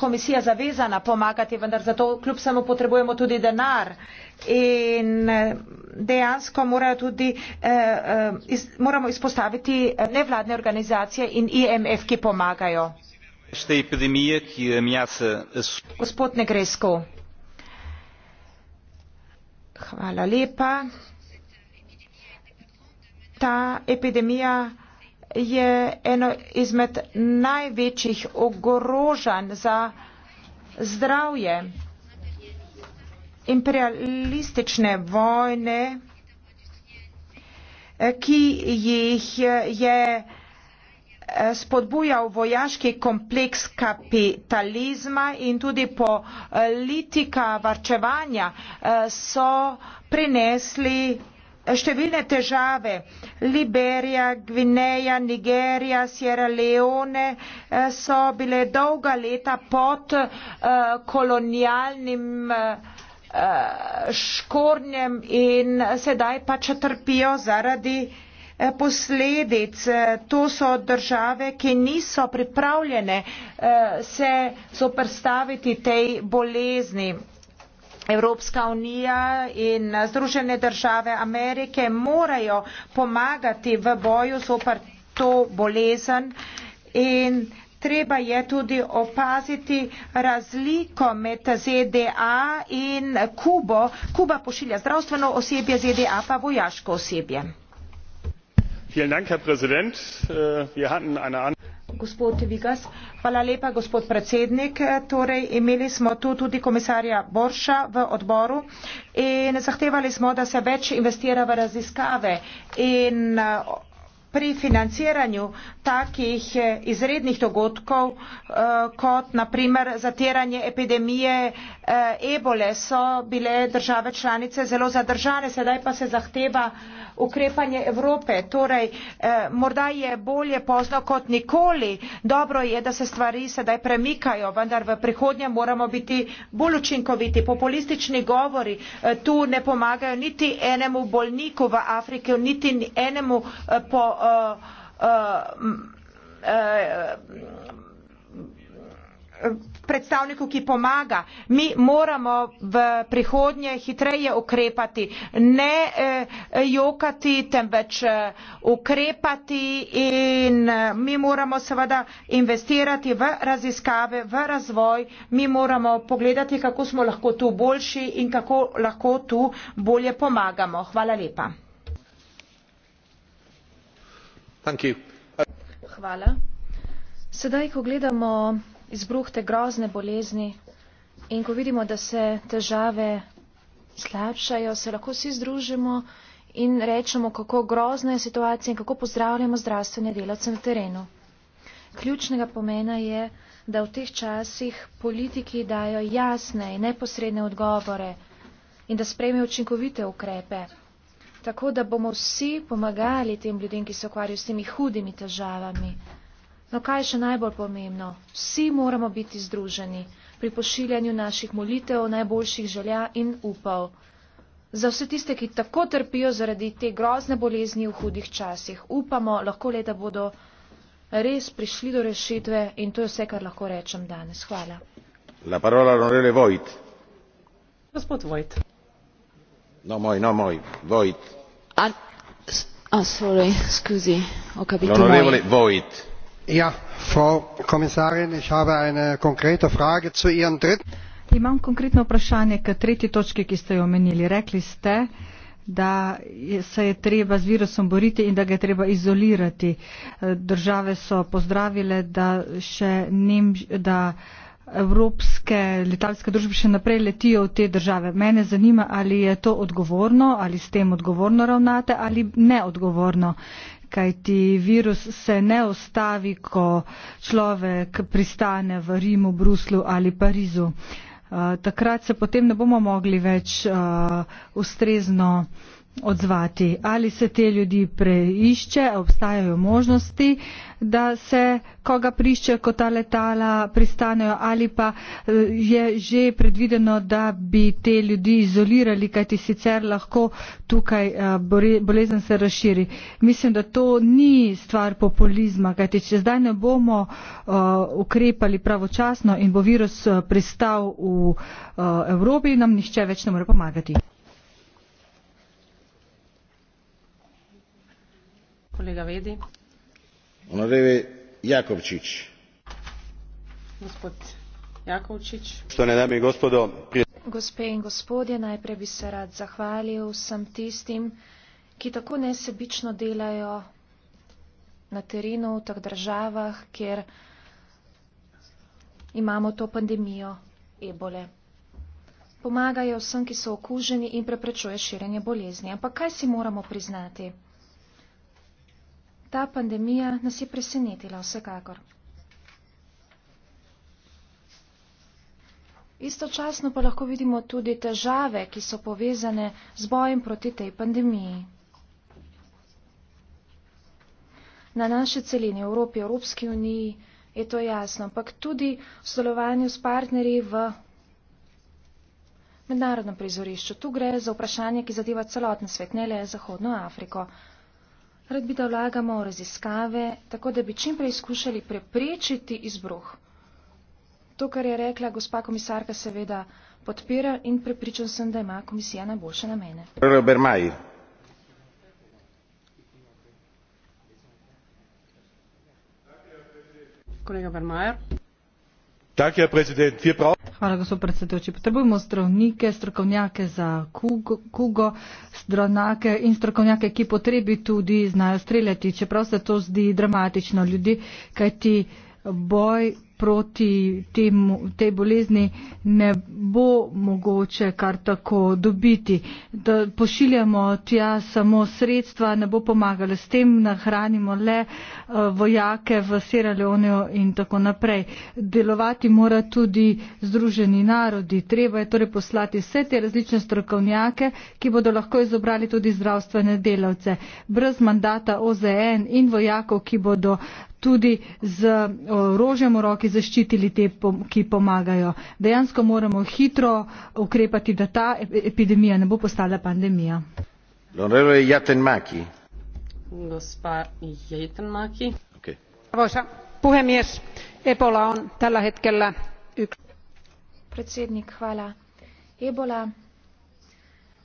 komisija zavezana pomagati vendar za to kljub vsemu potrebujemo tudi denar in eh, dejansko morajo tudi eh, moramo izpostaviti nevladne organizacije in imf ki pomagajo gospod negresko hvala lepa ta epidemija je eno izmed največjih ogrožanj za zdravje. Imperialistične vojne, ki jih je eh, spodbujal vojaški kompleks kapitalizma in tudi politika varčevanja, eh, so prinesli številne težave. Liberija, Gvineja, Nigerija, Sierra Leone eh, so bile dolga leta pod eh, kolonialnim eh, škornjem in sedaj pač trpijo zaradi posledic. To so države, ki niso pripravljene se soprstaviti tej bolezni evropska unija in združene države amerike morajo pomagati v boju zoper to bolezen in treba je tudi opaziti razliko med ZDA in Kubo. Kuba pošilja zdravstveno osebje, ZDA pa vojaško osebje. Dank, Herr äh, Wir eine andre gospod Vigas. Hvala lepa, gospod predsednik. Torej, imeli smo tu tudi komisarja Borša v odboru in zahtevali smo, da se več investira v raziskave in pri financiranju takih eh, izrednih dogodkov, eh, kot naprimer zatiranje epidemije eh, ebole, so bile države članice zelo zadržane, sedaj pa se zahteva ukrepanje Evrope. Torej, morda je bolje pozno kot nikoli, dobro je, da se stvari sedaj premikajo, vendar v prihodnje moramo biti bolj učinkoviti. Populistični govori tu ne pomagajo niti enemu bolniku v Afriki, niti enemu po predstavniku, ki pomaga. Mi moramo v prihodnje hitreje ukrepati, ne eh, jokati, temveč eh, ukrepati in eh, mi moramo seveda investirati v raziskave, v razvoj, mi moramo pogledati, kako smo lahko tu boljši in kako lahko tu bolje pomagamo. Hvala lepa sedaj ko gledamo izbruh te grozne bolezni in ko vidimo da se težave slabšajo se lahko vsi združimo in rečemo kako grozna je situacija in kako pozdravljamo zdravstvene delavce na terenu. ključnega pomena je da v teh časih politiki dajo jasne in neposredne odgovore in da sprejmejo učinkovite ukrepe tako da bomo vsi pomagali tem ljudem, ki se ukvarjajo s temi hudimi težavami. No, kaj je še najbolj pomembno? Vsi moramo biti združeni pri pošiljanju naših molitev, najboljših želja in upov. Za vse tiste, ki tako trpijo zaradi te grozne bolezni v hudih časih, upamo lahko le, da bodo res prišli do rešitve in to je vse, kar lahko rečem danes. Hvala. La parola non è le Vojt. Gospod Vojt no moj no moj voit ah, l'onorevole voit ja, frau kommissarin ich habe eine konkrete frage zu ihrem dritten imam konkretno vprašanje k tretji točki ki ste jo omenili rekli ste da se je treba z virusom boriti in da ga je treba izolirati države so pozdravile da še da evropske letalske družbe še naprej letijo v te države. Mene zanima, ali je to odgovorno, ali s tem odgovorno ravnate ali neodgovorno. Kaj ti virus se ne ostavi, ko človek pristane v Rimu, Bruslu ali Parizu. Uh, takrat se potem ne bomo mogli več uh, ustrezno uh, odzvati? Ali se te ljudi preišče, obstajajo možnosti, da se koga prišče, ko ta letala pristanejo, ali pa eh, je že predvideno, da bi te ljudi izolirali, kajti sicer lahko tukaj eh, bolezen se razširi. Mislim, da to ni stvar populizma, kajti če zdaj ne bomo eh, ukrepali pravočasno in bo virus pristal v Evropi, nam nišče več ne more pomagati. gospe in gospodje najprej bi se rad zahvalil vsem tistim ki tako nesebično delajo na terenu v teh državah kjer imamo to pandemijo ebole pomagajo vsem ki so okuženi in preprečuje širjenje bolezni ampak kaj si moramo priznati ta pandemija nas je presenetila vsekakor. Istočasno pa lahko vidimo tudi težave, ki so povezane z bojem proti tej pandemiji. Na naši celini Evropi, Evropski uniji je to jasno, ampak tudi v sodelovanju s partnerji v mednarodnem prizorišču. Tu gre za vprašanje, ki zadeva celoten svet, ne le Zahodno Afriko. Rad bi, da vlagamo v raziskave, tako da bi čim prej skušali preprečiti izbruh. To, kar je rekla gospa komisarka, seveda podpira in prepričan sem, da ima komisija najboljše namene. Kolega Bermajer potrebujemo zdravnike strokovnjake za kugo zdravnjake in strokovnjake ki po potrebi tudi znajo streljati čeprav se to zdi dramatično ljudi kajti boj proti kugi je boj za življenje proti temu, tej bolezni ne bo mogoče kar tako dobiti. Da pošiljamo tja samo sredstva, ne bo pomagalo. S tem nahranimo le eh, vojake v Sierra Leoneju in tako naprej. Delovati mora tudi Združeni narodi. Treba je torej poslati vse te različne strokovnjake, ki bodo lahko izobrali tudi zdravstvene delavce. Brez mandata OZN in vojakov, ki bodo tudi z eh, orožjem v roki zaščitili te, ki pomagajo. Dejansko moramo hitro ukrepati, da ta e-, epidemija ne bo postala pandemija. Gospa Jatenmaki. Predsednik, hvala. Ebola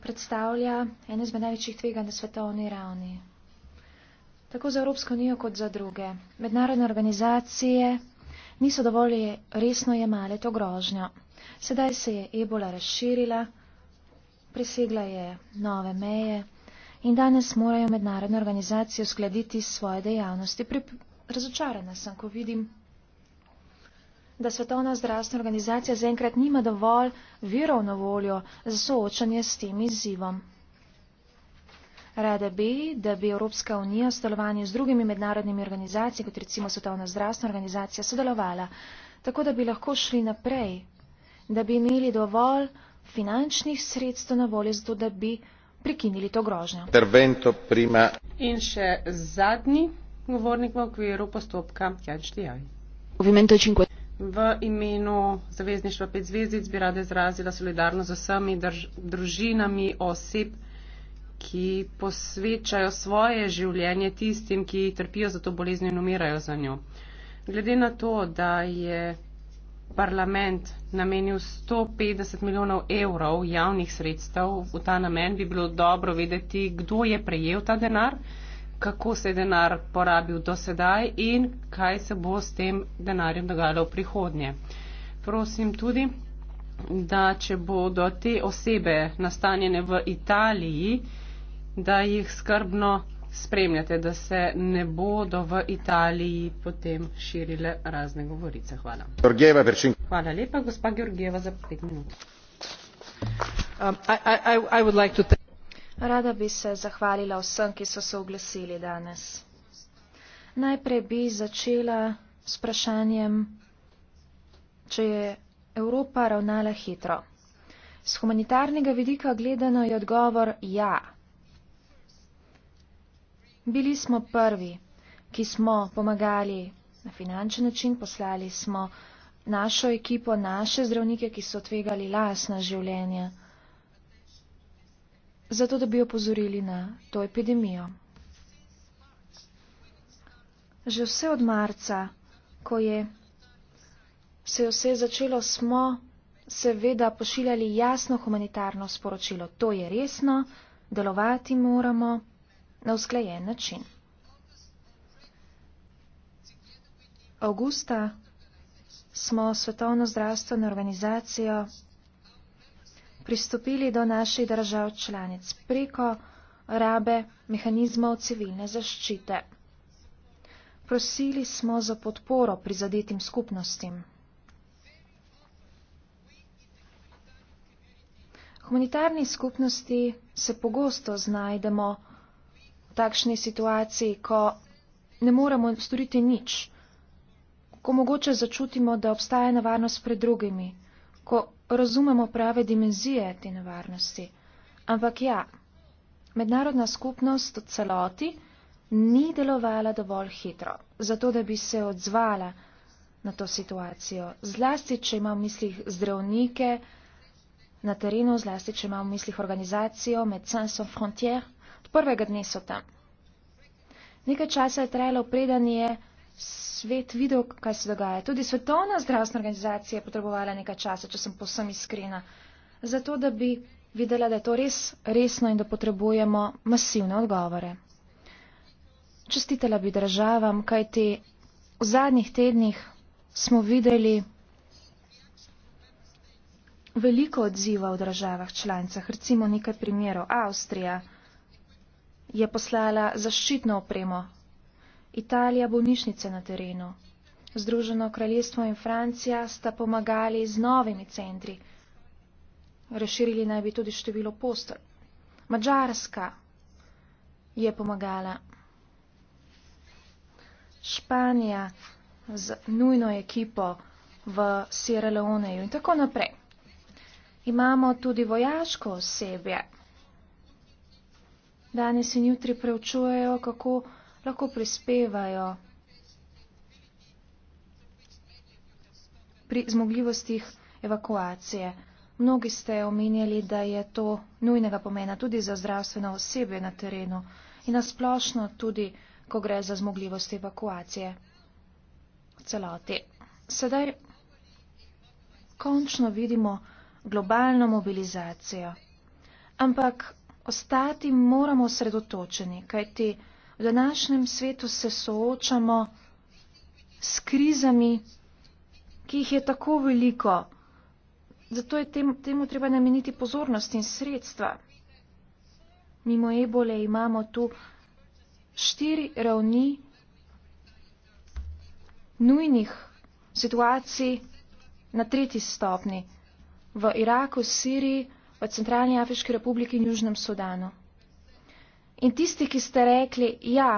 predstavlja eno izmed največjih tveganj na svetovni ravni tako za Evropsko unijo kot za druge. Mednarodne organizacije niso dovolj resno jemale to grožnjo. Sedaj se je ebola razširila, presegla je nove meje in danes morajo mednarodne organizacije uskladiti svoje dejavnosti. Razočarana sem, ko vidim, da Svetovna zdravstvena organizacija zaenkrat nima dovolj virov na voljo za soočanje s tem izzivom. Rada bi, da bi Evropska unija v sodelovanju z drugimi mednarodnimi organizacijami, kot recimo Svetovna zdravstvena organizacija, sodelovala, tako da bi lahko šli naprej, da bi imeli dovolj finančnih sredstev na voljo, zato da bi prekinili to grožnjo. In še zadnji govornik v okviru postopka, Jan Štijaj. V imenu Zavezništva 5 zvezdic bi rada izrazila solidarnost z vsemi drž družinami oseb, ki posvečajo svoje življenje tistim, ki trpijo za to boleznjo in umirajo za njo. Glede na to, da je parlament namenil 150 milijonov evrov javnih sredstev v ta namen, bi bilo dobro vedeti, kdo je prejel ta denar, kako se je denar porabil do sedaj in kaj se bo s tem denarjem dogajalo v prihodnje. Prosim tudi, da če bodo te osebe nastanjene v Italiji, da jih skrbno spremljate, da se ne bodo v Italiji potem širile razne govorice. Hvala. Hvala lepa, gospa Georgijeva, za pet minut. Um, Rada bi se zahvalila vsem, ki so se oglasili danes. Najprej bi začela s vprašanjem, če je Evropa ravnala hitro. Z humanitarnega vidika gledano je odgovor ja. Bili smo prvi, ki smo pomagali na finančen način, poslali smo našo ekipo, naše zdravnike, ki so tvegali lasna življenja, zato da bi opozorili na to epidemijo. Že vse od marca, ko je se je vse začelo, smo seveda pošiljali jasno humanitarno sporočilo. To je resno, delovati moramo na usklajen način. Augusta smo Svetovno zdravstveno organizacijo pristopili do naših držav članic preko rabe mehanizmov civilne zaščite. Prosili smo za podporo prizadetim skupnostim. Humanitarni skupnosti se pogosto znajdemo v takšni situaciji, ko ne moremo storiti nič, ko mogoče začutimo, da obstaja nevarnost pred drugimi, ko razumemo prave dimenzije te nevarnosti. Ampak ja, mednarodna skupnost v celoti ni delovala dovolj hitro, zato da bi se odzvala na to situacijo. Zlasti, če imam v mislih zdravnike na terenu, zlasti, če imam v mislih organizacijo Medecins sans frontières, prvega dne so tam. Nekaj časa je trajalo predanje. Svet videl, kaj se dogaja. Tudi Svetovna zdravstvena organizacija je potrebovala nekaj časa, če sem posem iskrena, zato da bi videla, da je to res resno in da potrebujemo masivne odgovore. Čestitela bi državam, kajti v zadnjih tednih smo videli veliko odziva v državah članicah. Recimo nekaj primerov. Avstrija je poslala zaščitno opremo. Italija bolnišnice na terenu. Združeno kraljestvo in Francija sta pomagali z novimi centri. Razširili naj bi tudi število postelj. Mačarska je pomagala. Španija z nujno ekipo v Sierra Leoneju in tako naprej. Imamo tudi vojaško osebje danes in jutri preučujejo, kako lahko prispevajo pri zmogljivostih evakuacije. Mnogi ste omenjali, da je to nujnega pomena tudi za zdravstveno osebje na terenu in nasplošno tudi, ko gre za zmogljivost evakuacije v celoti. Sedaj končno vidimo globalno mobilizacijo. Ampak ostati moramo sredotočeni, kajti v današnjem svetu se soočamo s krizami, ki jih je tako veliko. Zato je tem, temu treba nameniti pozornost in sredstva. Mimo ebole imamo tu štiri ravni nujnih situacij na tretji stopni. V Iraku, Siriji, v Centralni Afriški republiki in Južnem Sudanu. In tisti, ki ste rekli, ja,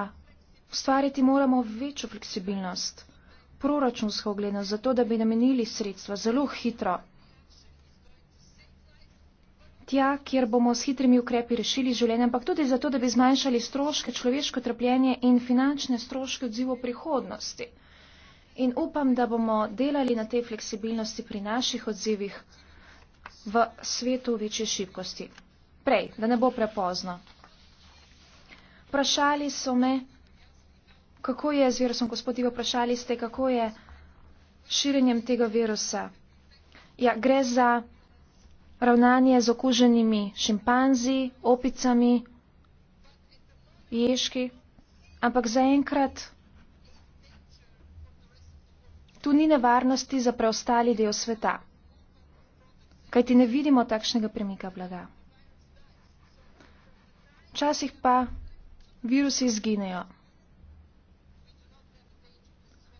ustvariti moramo večjo fleksibilnost, proračunsko ogledno, zato da bi namenili sredstva zelo hitro. Tja, kjer bomo s hitrimi ukrepi rešili življenje, ampak tudi zato, da bi zmanjšali stroške, človeško trpljenje in finančne stroške odzivo prihodnosti. In upam, da bomo delali na tej fleksibilnosti pri naših odzivih v svetu večje šibkosti. Prej, da ne bo prepozno. Vprašali so me, kako je z virusom, gospod Ivo, vprašali ste, kako je širjenjem tega virusa. Ja, gre za ravnanje z okuženimi šimpanzi, opicami, ješki, ampak zaenkrat tu ni nevarnosti za preostali del sveta kajti ne vidimo takšnega premika blaga. Včasih pa virusi izginejo.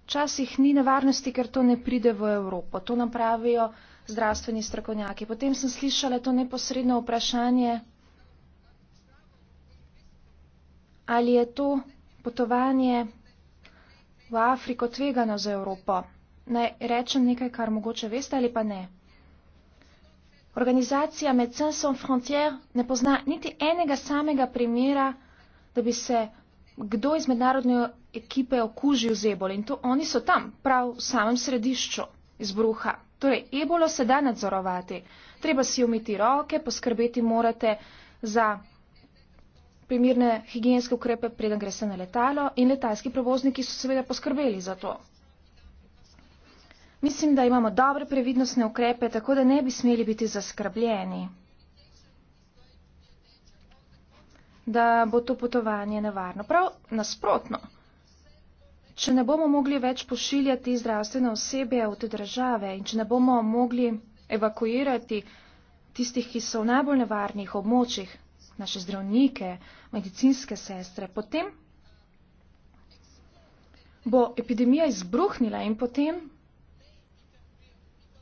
Včasih ni nevarnosti, ker to ne pride v Evropo. To nam pravijo zdravstveni strokovnjaki. Potem sem slišala to neposredno vprašanje, ali je to potovanje v Afriko tvegano za Evropo. Naj rečem nekaj, kar mogoče veste ali pa ne. Organizacija Medicine Sans Frontières ne pozna niti enega samega primera, da bi se kdo iz mednarodne ekipe okužil z ebolo in to oni so tam, prav v samem središču izbruha. Torej, ebolo se da nadzorovati. Treba si umiti roke, poskrbeti morate za primirne higijenske ukrepe, preden gre se na letalo in letalski prevozniki so seveda poskrbeli za to. Mislim, da imamo dobre previdnostne ukrepe, tako da ne bi smeli biti zaskrbljeni, da bo to potovanje nevarno. Prav nasprotno, če ne bomo mogli več pošiljati zdravstvene osebe v te države in če ne bomo mogli evakuirati tistih, ki so v najbolj nevarnih območjih, naše zdravnike, medicinske sestre, potem bo epidemija izbruhnila in potem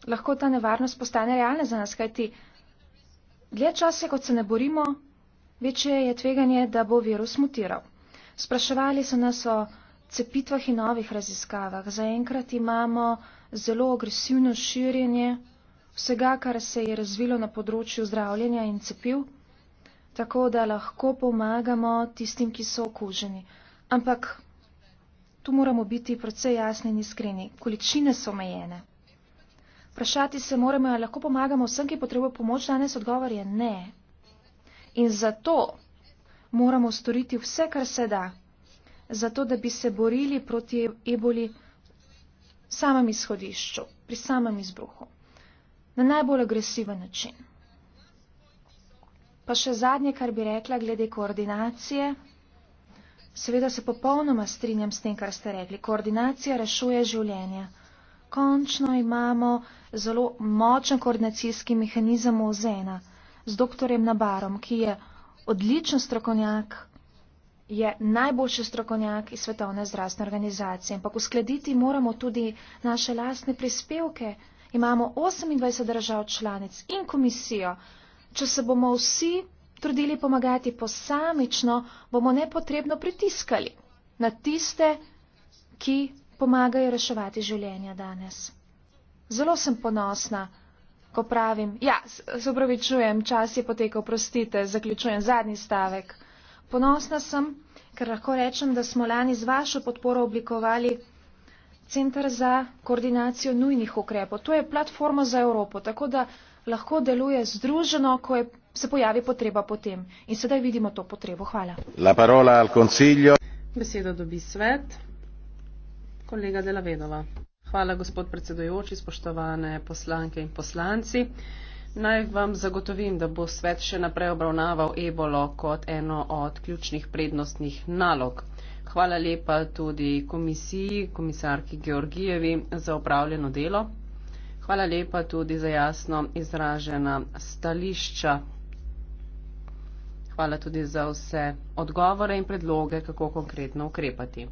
lahko ta nevarnost postane realna za nas, kajti dlje čase, kot se ne borimo, večje je tveganje, da bo virus mutiral. Spraševali so nas o cepitvah in novih raziskavah. Zaenkrat imamo zelo agresivno širjenje vsega, kar se je razvilo na področju zdravljenja in cepiv, tako da lahko pomagamo tistim, ki so okuženi. Ampak tu moramo biti precej jasni in iskreni. Količine so omejene. Vprašati se moramo, ali lahko pomagamo vsem, ki potrebujejo pomoč, danes odgovor je ne. In zato moramo storiti vse, kar se da, zato da bi se borili proti eboli v samem izhodišču, pri samem izbruhu, na najbolj agresiven način. Pa še zadnje, kar bi rekla glede koordinacije. Seveda se popolnoma strinjam s tem, kar ste rekli. Koordinacija rešuje življenja končno imamo zelo močen koordinacijski mehanizem OZN-a z doktorjem Nabarom, ki je odličen strokovnjak, je najboljši strokovnjak iz Svetovne zdravstvene organizacije. Ampak uskladiti moramo tudi naše lastne prispevke. Imamo 28 držav članic in komisijo. Če se bomo vsi trudili pomagati posamično, bomo nepotrebno pritiskali na tiste, ki pomagajo reševati življenja danes. Zelo sem ponosna, ko pravim, ja, se upravičujem, čas je potekal, prostite, zaključujem zadnji stavek. Ponosna sem, ker lahko rečem, da smo lani z vašo podporo oblikovali Centr za koordinacijo nujnih ukrepov. To je platforma za Evropo, tako da lahko deluje združeno, ko je, se pojavi potreba potem. In sedaj vidimo to potrebo. Hvala. La parola al consiglio. Besedo dobi svet kolega Delavedova. Hvala, gospod predsedujoči, spoštovane poslanke in poslanci. Naj vam zagotovim, da bo svet še naprej obravnaval ebolo kot eno od ključnih prednostnih nalog. Hvala lepa tudi komisiji, komisarki Georgijevi za upravljeno delo. Hvala lepa tudi za jasno izražena stališča. Hvala tudi za vse odgovore in predloge, kako konkretno ukrepati.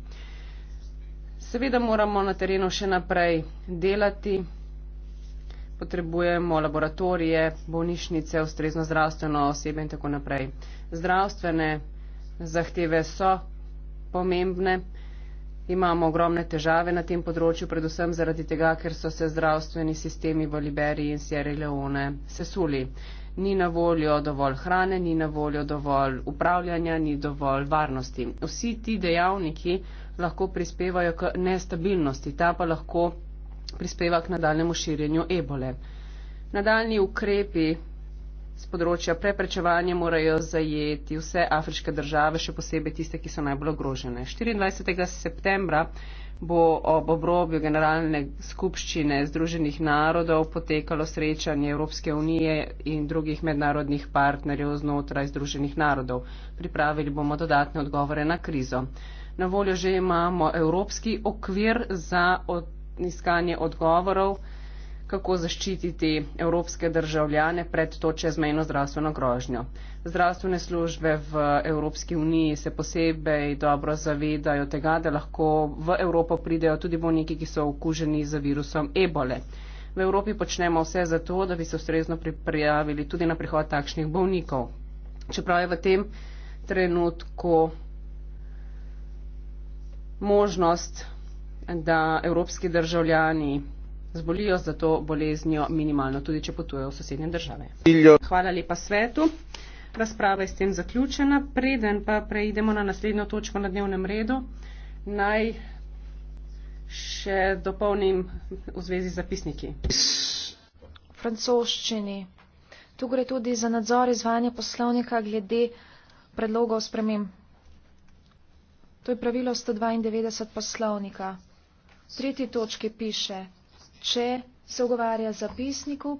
Seveda moramo na terenu še naprej delati, potrebujemo laboratorije, bolnišnice, ustrezno zdravstveno osebe in tako naprej. Zdravstvene zahteve so pomembne, imamo ogromne težave na tem področju, predvsem zaradi tega, ker so se zdravstveni sistemi v Liberiji in Sierra Leone sesuli. Ni na voljo dovolj hrane, ni na voljo dovolj upravljanja, ni dovolj varnosti. Vsi ti dejavniki lahko prispevajo k nestabilnosti, ta pa lahko prispeva k nadaljemu širjenju ebole. Nadaljni ukrepi z področja preprečevanja morajo zajeti vse afriške države, še posebej tiste, ki so najbolj ogrožene. 24. septembra bo ob obrobju Generalne skupščine Združenih narodov potekalo srečanje Evropske unije in drugih mednarodnih partnerjev znotraj Združenih narodov. Pripravili bomo dodatne odgovore na krizo na voljo že imamo evropski okvir za iskanje odgovorov, kako zaščititi evropske državljane pred to čezmejno zdravstveno grožnjo. Zdravstvene službe v Evropski uniji se posebej dobro zavedajo tega, da lahko v Evropo pridejo tudi bolniki, ki so okuženi z virusom ebole. V Evropi počnemo vse za to, da bi se ustrezno prijavili tudi na prihod takšnih bolnikov. Čeprav je v tem trenutku možnost, da evropski državljani zbolijo za to boleznjo minimalno, tudi če potujejo v sosednje države. Hvala lepa svetu. Razprava je s tem zaključena. Preden pa preidemo na naslednjo točko na dnevnem redu, naj še dopolnim v zvezi z zapisniki. Francoščini. Tu gre tudi za nadzor izvanja poslovnika glede predlogov spremem To je pravilo 192 poslovnika. V tretji točki piše, če se ogovarja zapisniku,